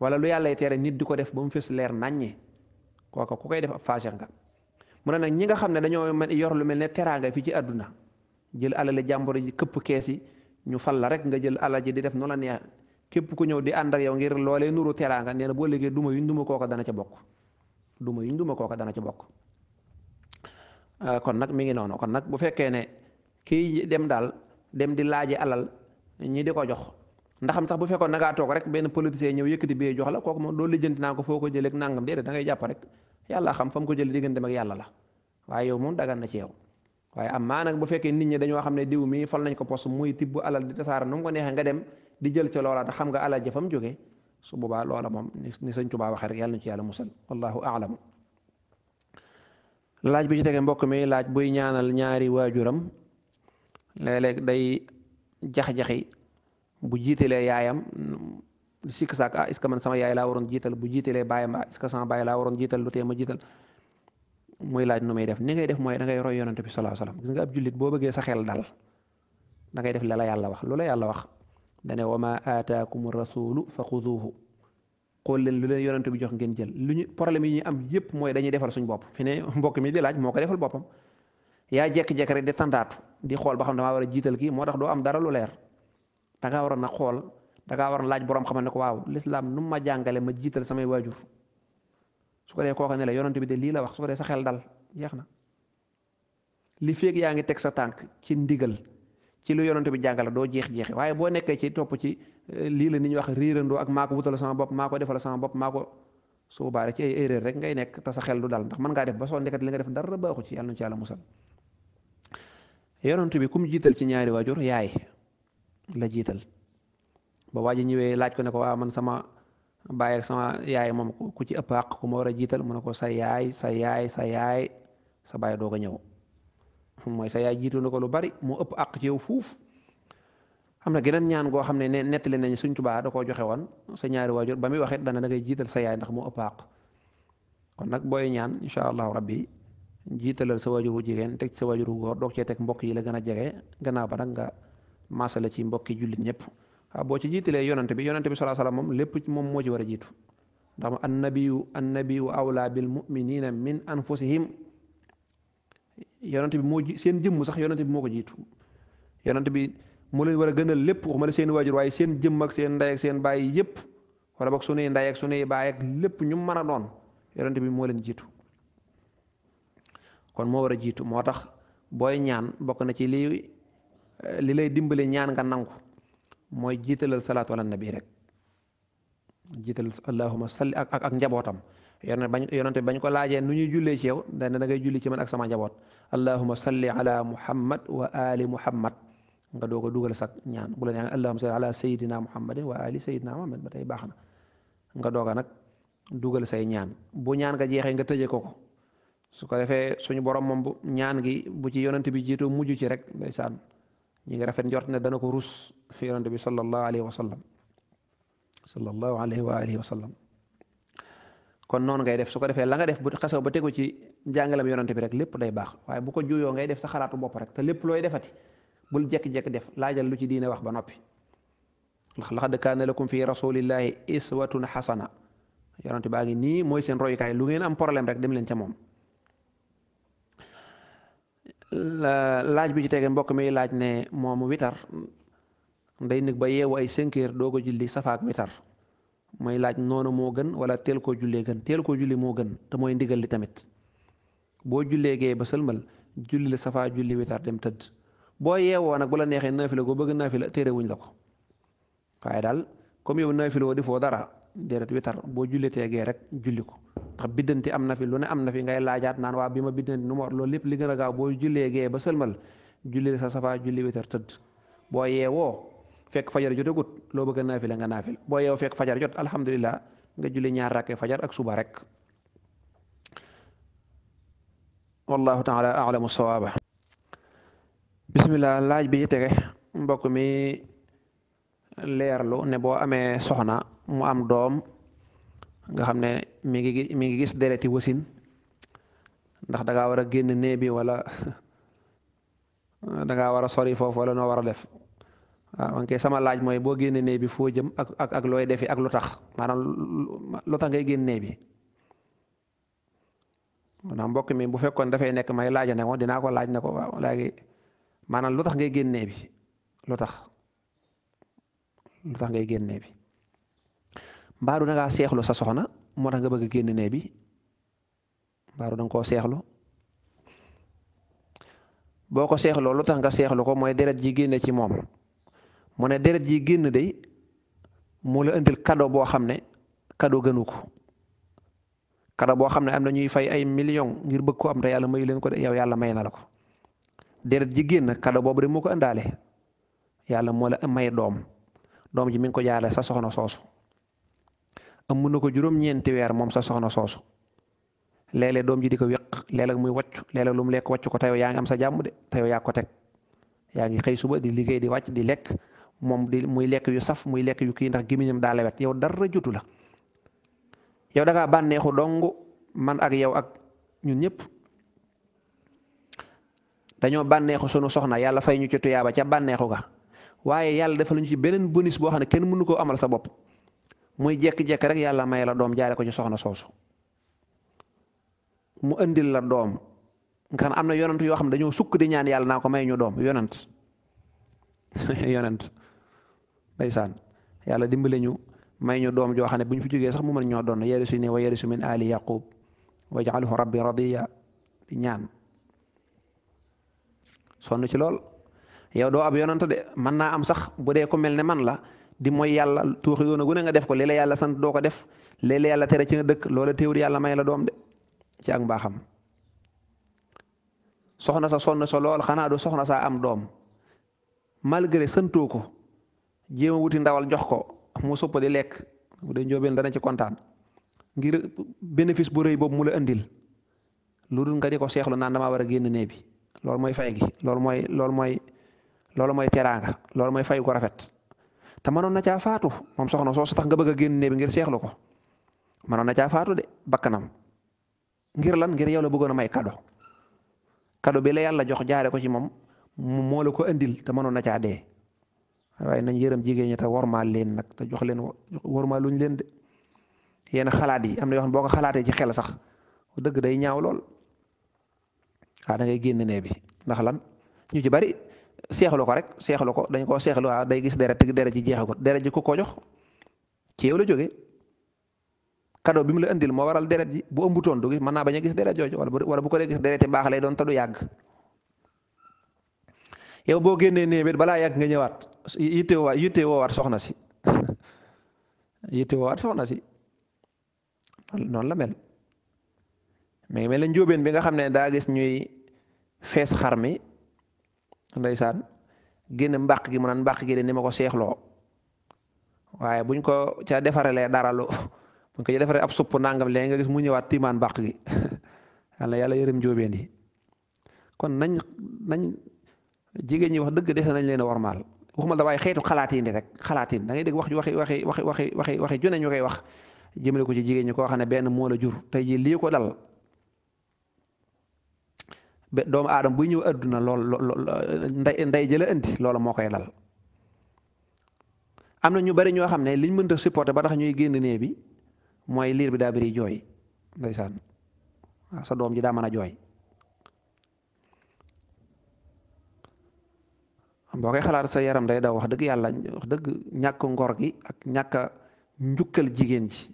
wala lu yàllay teere nit di ko def ba mu fës leer nàññee kooka ku koy def ab faasix nga mu ne nag ñi nga xam ne dañoo yor lu mel ne teraanga fii ci àdduna jël alal jàmbur ji këpp kees yi ñu fal la rek nga jël alal ji di def noonu la neex képp ku ñëw di ànd ak yow ngir loolee nuru teraanga nee na boo liggéey duma yuñ duma kooka dana ca bokk duma yuñ duma kooka dana ca bokk euh, kon nag mi ngi noonu kon nag bu fekkee ne kii dem dem di laaji alal ñi di ko jox ndaxam sax bu fekkoon da ngaa toog rek benn politicien ñëw yëkkati bee jox la kooku moom doo lijjanti naa ko foo ko jëlee ak nangam déedéet da ngay jàpp rek yàlla xam fa mu ko jëlee digganteem ak yàlla la waaye yow moom dagan na ci yow waaye amaa nag bu fekkee nit ñi dañoo xam ne diw mi fal nañ ko poste muy tibb alal di tasaara nu mu ko neexee nga dem di jël ci loola te xam nga alal ja fa mu jógee su boobaa loola moom ni sëñ Tuubaa waxee rek yàlla na ci yàlla musal wallahu aalam laaj bi ci tege mbokk mi laaj buy ñaanal ñaari waajuram léeg-léeg day jax-jaxi bu jiitalee yaayam sikk saak ah est-ce que man sama yaay laa waroon jiital bu jiitalee baayam a ah, est-ce sama baay laa waroon jiital lu tee ma jiital muy laaj nu muy def ni ngay def mooy da ngay roy yonante bi sallallahu alayhi wasallam gis nga ab jullit boo bëggee sa xel def la la yàlla wax lu la yàlla wax dane wa ma aataakum rasulu fa xuduuhu xool leen lu leen yonante bi jox ngeen jël lu ñu problème yi ñu am yépp mooy dañuy defal suñ bopp fi ne mbokk mi de laaj moo ko defal boppam yaay jekk-jekk rek di tandaatu di xool ba xam damaa war a jiital kii moo tax doo am dara lu leer da ngaa waroon a xool da ngaa waroon laaj borom xam ne ko waaw lislaam nu ma jàngale ma jiital samay waajur su ko dee kooka ne la yonent bi de lii la wax su ko dee sa xel dal jeex na li feeg yaa ngi teg sa tànk ci ndigal ci lu yonent bi jàngale doo jeex jeexi waaye boo nekkee ci topp ci euh, lii la ni ñuy wax riirandoo ak maa ko wutal bopp maa ko defal sama bopp maa ko su boobaa ci ay erreur rek ngay nekk te sa xel du dal ndax mën ngaa def ba soo nekkat li nga def dara baaxu ci yàlla na ci yàlla musal yonent bi ku mu jiital ci ñaari waajur yaay la jiital ba waa ji ñëwee laaj ko ne ko waa man sama baay ak sama yaay moom ku ci ëpp àq ku ma war a jiital mu ne ko sa yaay sa yaay sa yaay sa baay doog a ñëw mooy sa yaay jiitu na ko lu bari mu ëpp àq ci yow fuuf am na geneen ñaan goo xam ne ne nettali nañ Sëriñ Tuubaa da koo joxe woon sa ñaari waajur ba muy waxit dana da ngay jiital sa yaay ndax mu ëpp àq kon nag booy ñaan incha allahu rabbi jiitalal sa waajur wu jigéen teg sa waajur wu góor doog cee teg mbokk yi la gën a jege gannaaw ba nag nga maasale ci mbokki jullit ñëpp waaw boo ci jiitalee yonante bi yonante bi sallallahu alayhi wasallam moom lépp moom moo ci war a jiitu ndax ma annabiyu annabiyu awla bil muminina min anfusihim yonante bi moo seen jëmm sax yonante bi moo ko jiitu yonante bi moo leen war a gënal lépp waxuma la seen waajur waaye seen jëmm ak seen ndey ak seen baay yëpp wala boog sunuy ndey ak sunuy baay ak lépp ñu mën a doon yonante bi moo leen jiitu kon moo war a jiitu moo tax booy ñaan bokk na ci lii eh, li lay dimbale ñaan nga nangu mooy jiitalal salaatu ala nabi rek jiital allahuma salli ak ak njabootam yonent bañ yonente bañ ko laajee nu ñuy jullee ci yow da ne da julli ci man ak sama njaboot allahuma salli ala muhammad wa ali muhammad nga doo dugal sax ñaan bu la neexee allahuma salli ala sayidina muhammadin wa baax na nga dooga nag dugal say ñaan bu ñaan nga jeexee nga tëje ko ko su ko defee suñu borom moom bu ñaan gi bu ci yonent bi jiitu mujj ci rek ndeysaan ñi ngi rafet njort ne dana ko rus yonent bi sallallahu alayhi wa sallam sallallahu alayhi wa alihi wa sallam kon noonu ngay def su ko defee la nga def bu xasaw ba tegu ci njàngalam yonent bi rek lépp day baax waaye bu ko juyoo ngay def sa xalaatu bopp rek te lépp looy defati bul jekki-jekki def laajal lu ci diine wax ba noppi ndax laqad kaana lakum fi rasulillahi na xasana yonent baa ngi nii mooy seen royukaay lu ngeen am problème rek dem leen ca moom laaj bi ci tege mbokk mi laaj ne moom witar day nekk ba yeewu ay 5 heures doo ko julli safaak witar mooy laaj noonu moo gën wala teel koo jullee gën teel ko julli moo gën te mooy ndigal li tamit boo jullee gee ba sëlmal julli la safaa julli witar dem tëdd boo yeewoo nag bu la neexee naafila goo bëgg naafila téerewuñ la ko waaye daal comme yow naafila woo defoo dara déedéet witar boo jullitee gee rek julli ko ndax biddanti am na fi lu ne am na fi ngay laajaat naan waa bi ma biddanti nu ma loolu lépp li gën a gaaw boo jullee gee ba sëlmal julli sa safa julli witar tëdd boo yeewoo fekk fajar jotagut loo bëgg a naafil nga naafil boo yeewoo fekk fajar jot alhamdulilah nga julli ñaar rakkee fajar ak suba rek wallahu taala alamu sawaaba bismillah laaj bi ci tege mbokk mi leerlu ne boo amee soxna mu am doom nga xam ne mi ngi mi ngi gis dereti wasin ndax da ngaa war a génn nee bi wala da ngaa war a sori foofu wala noo war a def waaw ok sama laaj mooy boo génne nee bi foo jëm ak ak ak looy defi ak lu tax maanaam lu tax ngay génn nee mbokk mi bu fekkoon dafay nekk may laaja ne ko dinaa ko laaj ne ko waaw léegi maanaam lu tax ngay génn bi lu tax lu tax ngay génn bi. mbaaru da seexlu sa soxna moo tax nga bëgg a génn nee bi mbaaru da koo seexlu boo ko seexloo lu tax nga seexlu ko mooy deret ji génne ci moom mu ne deret ji génn day moo la indil kado boo xam ne kado gënu ko kado boo xam ne am na ñuy fay ay million ngir bëgg ko am te yàlla mayu leen ko de yow yàlla may na la ko deret ji génn kado boobu de moo ko indaale yàlla moo la may doom doom ji mi ngi ko jaale sa soxna soosu amu na ko juróom-ñeenti moom sa soxna soosu léeg doom ji di ko wéq léeg muy wàccu léeg-léeg lu mu lekk wàccu ko tayoo yaa ngi am sa jàmm de tayoo yaa ko teg yaa ngi xëy suba di liggéey di wàcc di lekk moom di muy lekk yu saf muy lekk yu kii ndax gémmiñam daa lewet yow dara jotu la yow da ngaa bànneexu dong man ak yow ak ñun ñëpp dañoo bànneexu sunu soxna yàlla fay ñu ci tuyaaba ca bànneexu ga waaye yàlla defal ñu ci beneen bonus boo xam ne kenn mënu koo amal sa bopp muy jékki-jékki rek yàlla may la doom jaare ko ci soxna soosu mu indil la doom nga xam am na yonant yoo xam dañoo sukk di ñaan yàlla naa ko may ñu doom yonant yonant ndeysaan yàlla dimbale ñu may ñu doom joo xam ne bu ñu fi jógee sax mu mën ñoo doon yarisu ni wa yarisu min ali yaqub wa ja'alhu rabbi radiya di ñaan sonn ci lool yow doo ab yonant de mën naa am sax bu dee ko mel ni man la di mooy yàlla tuuxi doona gu ne nga def ko lii yàlla sant doo ko def lii la yàlla tere ci nga dëkk loola téewul yàlla may la doom de ci ak mbaaxam soxna sa sonn sa lool xanaa du soxna saa am doom malgré santoo ko jéem a wuti ndawal jox ko mu suppa di lekk bu dee njóobeen dana ci kontaan ngir bénéfice bu rëy boobu mu la andil lu dul nga di ko seexlu naan damaa war a génn nee bi lool mooy fay gi loolu mooy loolu mooy loolu mooy teraanga loolu mooy fay gu rafet te mënoon na caa faatu moom soxna soosu tax nga bëgg a génn bi ngir seexlu ko mënoon na caa faatu de bakkanam ngir lan ngir yow la a may kado kado bi la yàlla jox jaare ko ci moom moo la ko andil te mënoon na caa waaye nañ yërëm jigéen ñi te wormaal leen nag te jox leen wormaal luñ leen de yenn xalaat yi am na yoo xam boo ko xalaatee ci xel sax dëgg day ñaaw lool ah da ngay génn nee ndax lan ñu ci bari seexlu ko rek seexlu ko dañ koo seexlu waa day gis deret deret ji jeexagut deret ji ku ko jox ci yow la jógee cadeau bi mu la indil moo waral deret ji boo ëmbutoon du gis mën naa bañ a gis deret jooju wala bu ko dee gis dereti baax lay doon te du yàgg yow boo génnee néew balaa yàgg nga ñëwaat yitte woo waat woowaat soxna si yitte woowaat soxna si noonu la mel mais mel na njóobeen bi nga xam ne daa gis ñuy fees xar mi ndeysaan génn mbaq gi mu naan mbàq gi de ni ma ko seexloo waaye buñ ko ca defaralee dara lu buñ ko ca defaree ab supp nangam léegi nga gis mu ñëwaat tiimaan mbaq gi yàlla yàlla yërëm jóobeen yi kon nañ nañ jigéen ñi wax dëgg dese nañ leen a warmaal waxuma da waaye xeetu xalaatiin rek xalaatiin da ngay dégg wax waxi waxi waxi waxi waxi waxi june ñu koy wax jëmale ko ci jigéen ñi koo xam ne benn moo la jur tey jii lii ko dal doomu aadama buy ñëw adduna lool lool nday nday jëla indi loolu moo koy lal am na ñu bari ñoo xam ne liñ mën mënta supporter ba tax ñuy génn nee bi mooy liir bi daa bari jooy ndeysaan waaw sa doom ji daa mën a jooy boo koy xalaat sa yaram day daw wax dëgg yàlla wax dëgg ñàkk ngor gi ak ñàkk a njukkal jigéen ji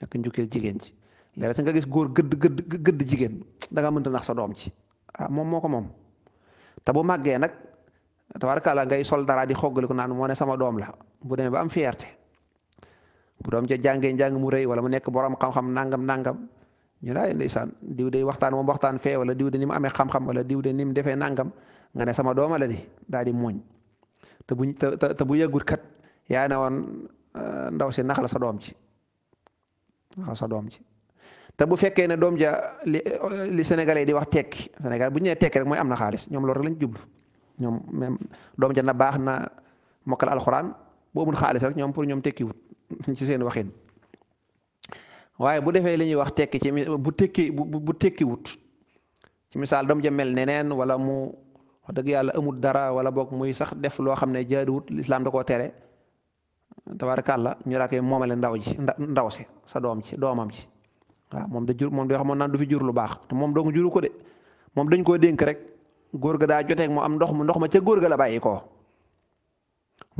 ñàkk njukkal jigéen ji léeg-léeg nga gis góor gëdd gëdd gëdd jigéen danga ngaa ta nax sa doom ci ah moom moo ko moom te bu màggee nag tabaarkalla ngay sol dara di xoggaliku naan moo ne sama doom la bu demee ba am fierté bu doom ja jànge njàng mu rëy wala mu nekk boroom xam-xam nangam nangam ñu laay ndeysaan diw de waxtaan moom waxtaan fee wala diw de ni mu amee xam-xam wala diw de ni mu defee nangam nga ne sama dooma la di daal di muñ te bu te bu yëgul kat yaa ne woon ah, ndaw si nax la sa doom ji nax sa doom ji te bu fekkee ne doom ja li li sénégalais di wax tekki Sénégal bu ñu nee tekki rek mooy am na xaalis ñoom loolu rek lañ jublu ñoom même doom ja na baax na mokkal alxuraan bu amul xaalis rek ñoom pour ñoom tekkiwut ci seen waxin waaye bu defee li ñuy wax tekki ci bu tekki bu tekkiwut ci misaal doom ja mel neneen wala mu wax dëgg yàlla amul dara wala boog muy sax def loo xam ne jaaduwut lislaam da ko tere tabarakàlla ñu raakee moomale ndaw ji ndaw si sa doom ci doomam ji waaw moom da jur moom day xamoon naan du fi jur lu baax te moom doom juru ko de moom dañ koo dénk rek góor ga daa joteeg mu am ndox mu ndox ma ca góor ga la bàyyi ko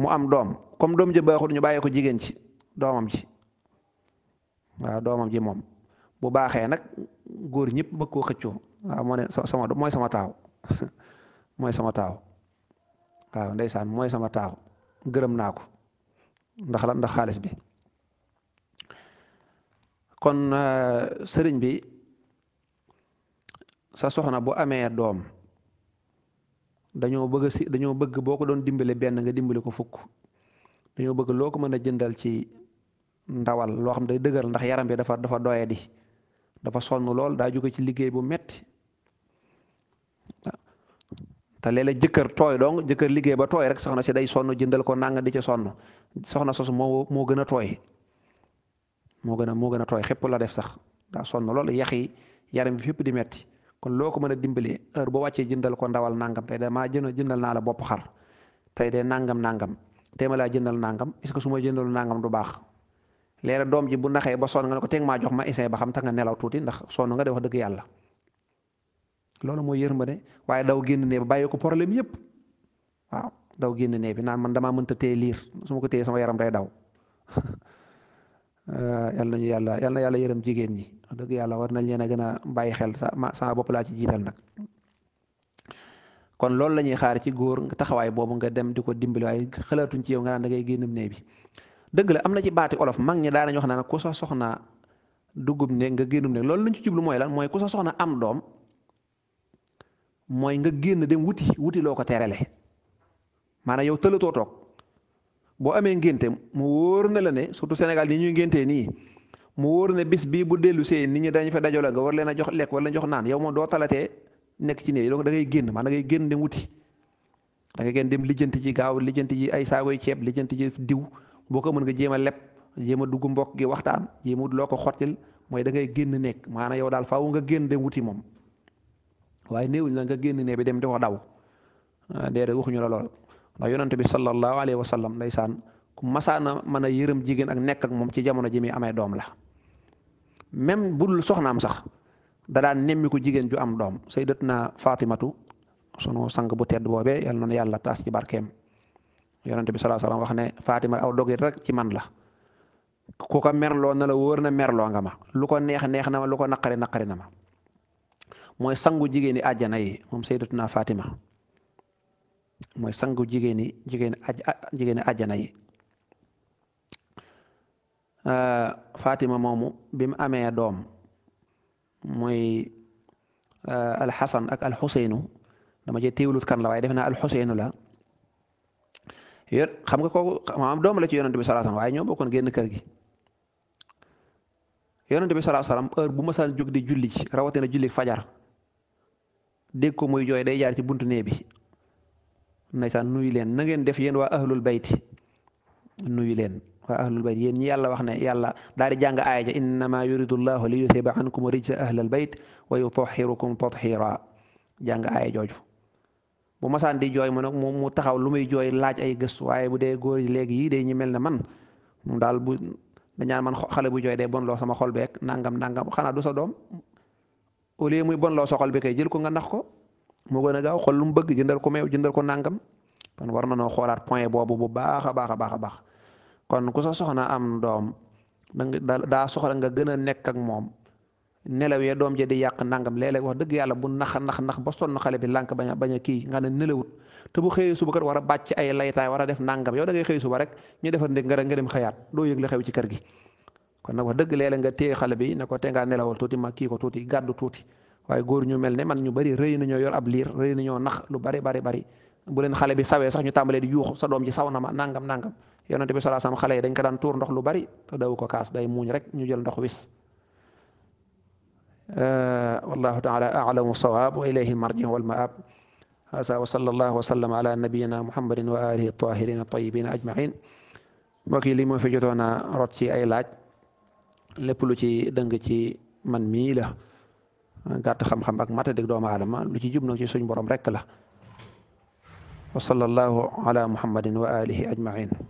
am doom comme doom ji baaxul ñu bàyyi jigéen ci doomam ci waaw doomam ji moom bu baaxee nag góor ñëpp bëgg koo xëccoo waaw moo sama mooy sama taaw mooy sama taaw waaw ndeysaan mooy sama taaw gërëm naa ko ndax la ndax xaalis bi. kon euh, sëriñ bi sa soxna bu amee doom dañoo bëgg si dañoo bëgg boo ko doon dimbale benn nga dimbale ko fukk dañoo bëgg loo ko mën a jëndal ci ndawal loo xam day dëgër ndax yaram bi dafa dafa doye di dafa sonn lool daa jóge ci liggéey bu metti te léeg jëkkër tooy donc jëkkër liggéey ba tooy rek soxna si day sonn jëndal ko nang di ci sonn soxna sos moo moo gën a tooy moo gën a moo gën a tooy xépp la def sax daa sonn loolu yax yi yaram bi yëpp di metti kon loo ko mën a dimbalee heure boo wàccee jëndal ko ndawal nangam tey de maa jënd naa la bopp xar tey de nangam nangam tey ma laa jëndal nangam est ce su ma jëndal nangam du baax léera doom ji bu naxee ba sonn nga ne ko teg maa jox ma essayé ba xam ta nga nelaw tuuti ndax sonn nga de wax dëgg loolu mooy yërmande waaye daw génn nee bi bàyyi ko problème yëpp waaw daw génn nee bi naan man damaa mënta téye liir su ma ko téye sama yaram day daw Eh, yal nañu yàlla yal na yàlla yërëm jigéen ñi dëgg yàlla war nañ leen a gën a bàyyi xel sama sama bopp laa ci jiital nag kon loolu lañuy ñuy xaar ci góor taxawaay boobu nga dem di ko dimbali waaye xalaatuñ ci yow nga naan da ngay génnum néeg bi dëgg la am na ci baati olof mag ñi daanañ wax naan ku sa soxna dugub néeg nga génnum néeg loolu lañ ci jublu mooy lan mooy ku sa soxna am doom mooy nga génn dem wuti wuti loo ko terale maanaam yow tëlatoo toog boo amee ngénte mu wóor na la ne surtout Sénégal ni ñuy ngénte nii mu wóor ne bis bii bu dellu see nit ñi dañu fa dajaloo nga war leen a jox lekk war leen jox naan yow moom doo talatee nekk ci néeg donc da génn maanaam da ngay génn dem wuti dem lijjanti ci gaaw lijjanti ci ay saagoy ceeb lijjanti ci diw boo ko mën jéem a leb jéem a dugg mbokk gi waxtaan jéem a loo ko xottil mooy da ngay génn nekk maanaam yow daal faaw nga génn dem wuti moom waaye néewuñ la nga génn ne bi dem di ko daw ah, déedéet waxuñu la lool ndax yonent bi sallallahu alayhi wa sallam ndeysaan ku masaana a yërëm jigéen ak nekk ak moom ci jamono ji muy amee doom la même budul soxnaam sax da daan jigéen ju am doom sayyidatuna Fatimatu sunu sang bu tedd boobee yal na yàlla taas ci barkeem yonent bi sallallahu alayhi wa wax ne Fatima aw dogit rek ci man la ku ko merloo na la wóor na merloo nga ma lu ko neex neex na ma lu ko naqari naqari na ma mooy sangu jigéen yi àjjana yi moom sayyidatuna Fatima. mooy sangu jigéen yi jigéen aj jigéeni ajjana yi Fatima moomu bi mu amee doom mooy euh, alxasan ak alxuseynu dama cee téewlut kan la waaye defe naa la yor xam nga kooku maanaam doom la ci yonent bi salaa salaam waaye ñoo bokkoon génn kër gi yonent bi salaa salaam heure bu masaan jóg di julli ji rawatina julli fajar dégg ko muy jooy day jaar ci buntu nee bi ndeysaan nuyu leen na ngeen def yéen waa ahlul bayt nuyu leen waa ahlul bayt yéen ñi yàlla wax ne yàlla daal di jàng aaya ja innama yuridu llahu li yuthiba ankum rijsa ahlal bayt wa yutahhirukum tathira jàng aaya jooju bu masaan di jooy mu nag mu taxaw lu muy jooy laaj ay gëstu waaye bu dee góor yi léegi yii day ñu mel ne man daal bu dañaan man xale bu jooy dee bon loo sama xol beek nangam nangam xanaa du sa doom au muy bon loo sa xol jël ko nga nax ko moo gën a gaaw xool lu mu bëgg jëndal ko meew jëndal ko nàngam kon war na noo xoolaat point boobu bu baax a baax a baax a baax kon ku sa soxna am doom da daa soxla nga gën a nekk ak moom nelaw yee doom ja di yàq nangam léeg-léeg wax dëgg yàlla bu nax nax nax ba sonn bi lànk bañ a kii nga ne nelawut te bu xëyee suba kat war a bàcc ay laytaay war a def nangam yow da ngay xëy suba rek ñu defar ndéeg nga rek nga dem xëyaat doo yëg la xew ci kër gi kon nag wax dëgg léeg-léeg nga téye xale bi ne ko te tuuti ma kii ko tuuti gàddu tuuti waaye góor ñu mel ne man ñu bari rëy nañoo yor ab liir rëy nañoo nax lu bari bari bari bu leen xale bi sawee sax ñu tàmbalee di yuux sa doom ji saw na ma nangam nangam yonente bi sallallahu sam xale yi dañ ko daan tuur ndox lu bari te daw ko kaas day muuñ rek ñu jël ndox wis wallahu taala a'lamu sawaab wa ilayhi al-marji wal ma'ab hasa wa sallallahu wa sallam ala nabiyyina muhammadin wa alihi at-tahirin at-tayyibin ajma'in yi li moo fi jotoona rot ci ay laaj lépp lu ci dëng ci man mii la gàtt xam-xam ak matadik doomu aadama lu ci jub nag ci suñ borom rekk la wa sallallahu ala muhammadin wa alihi ajmain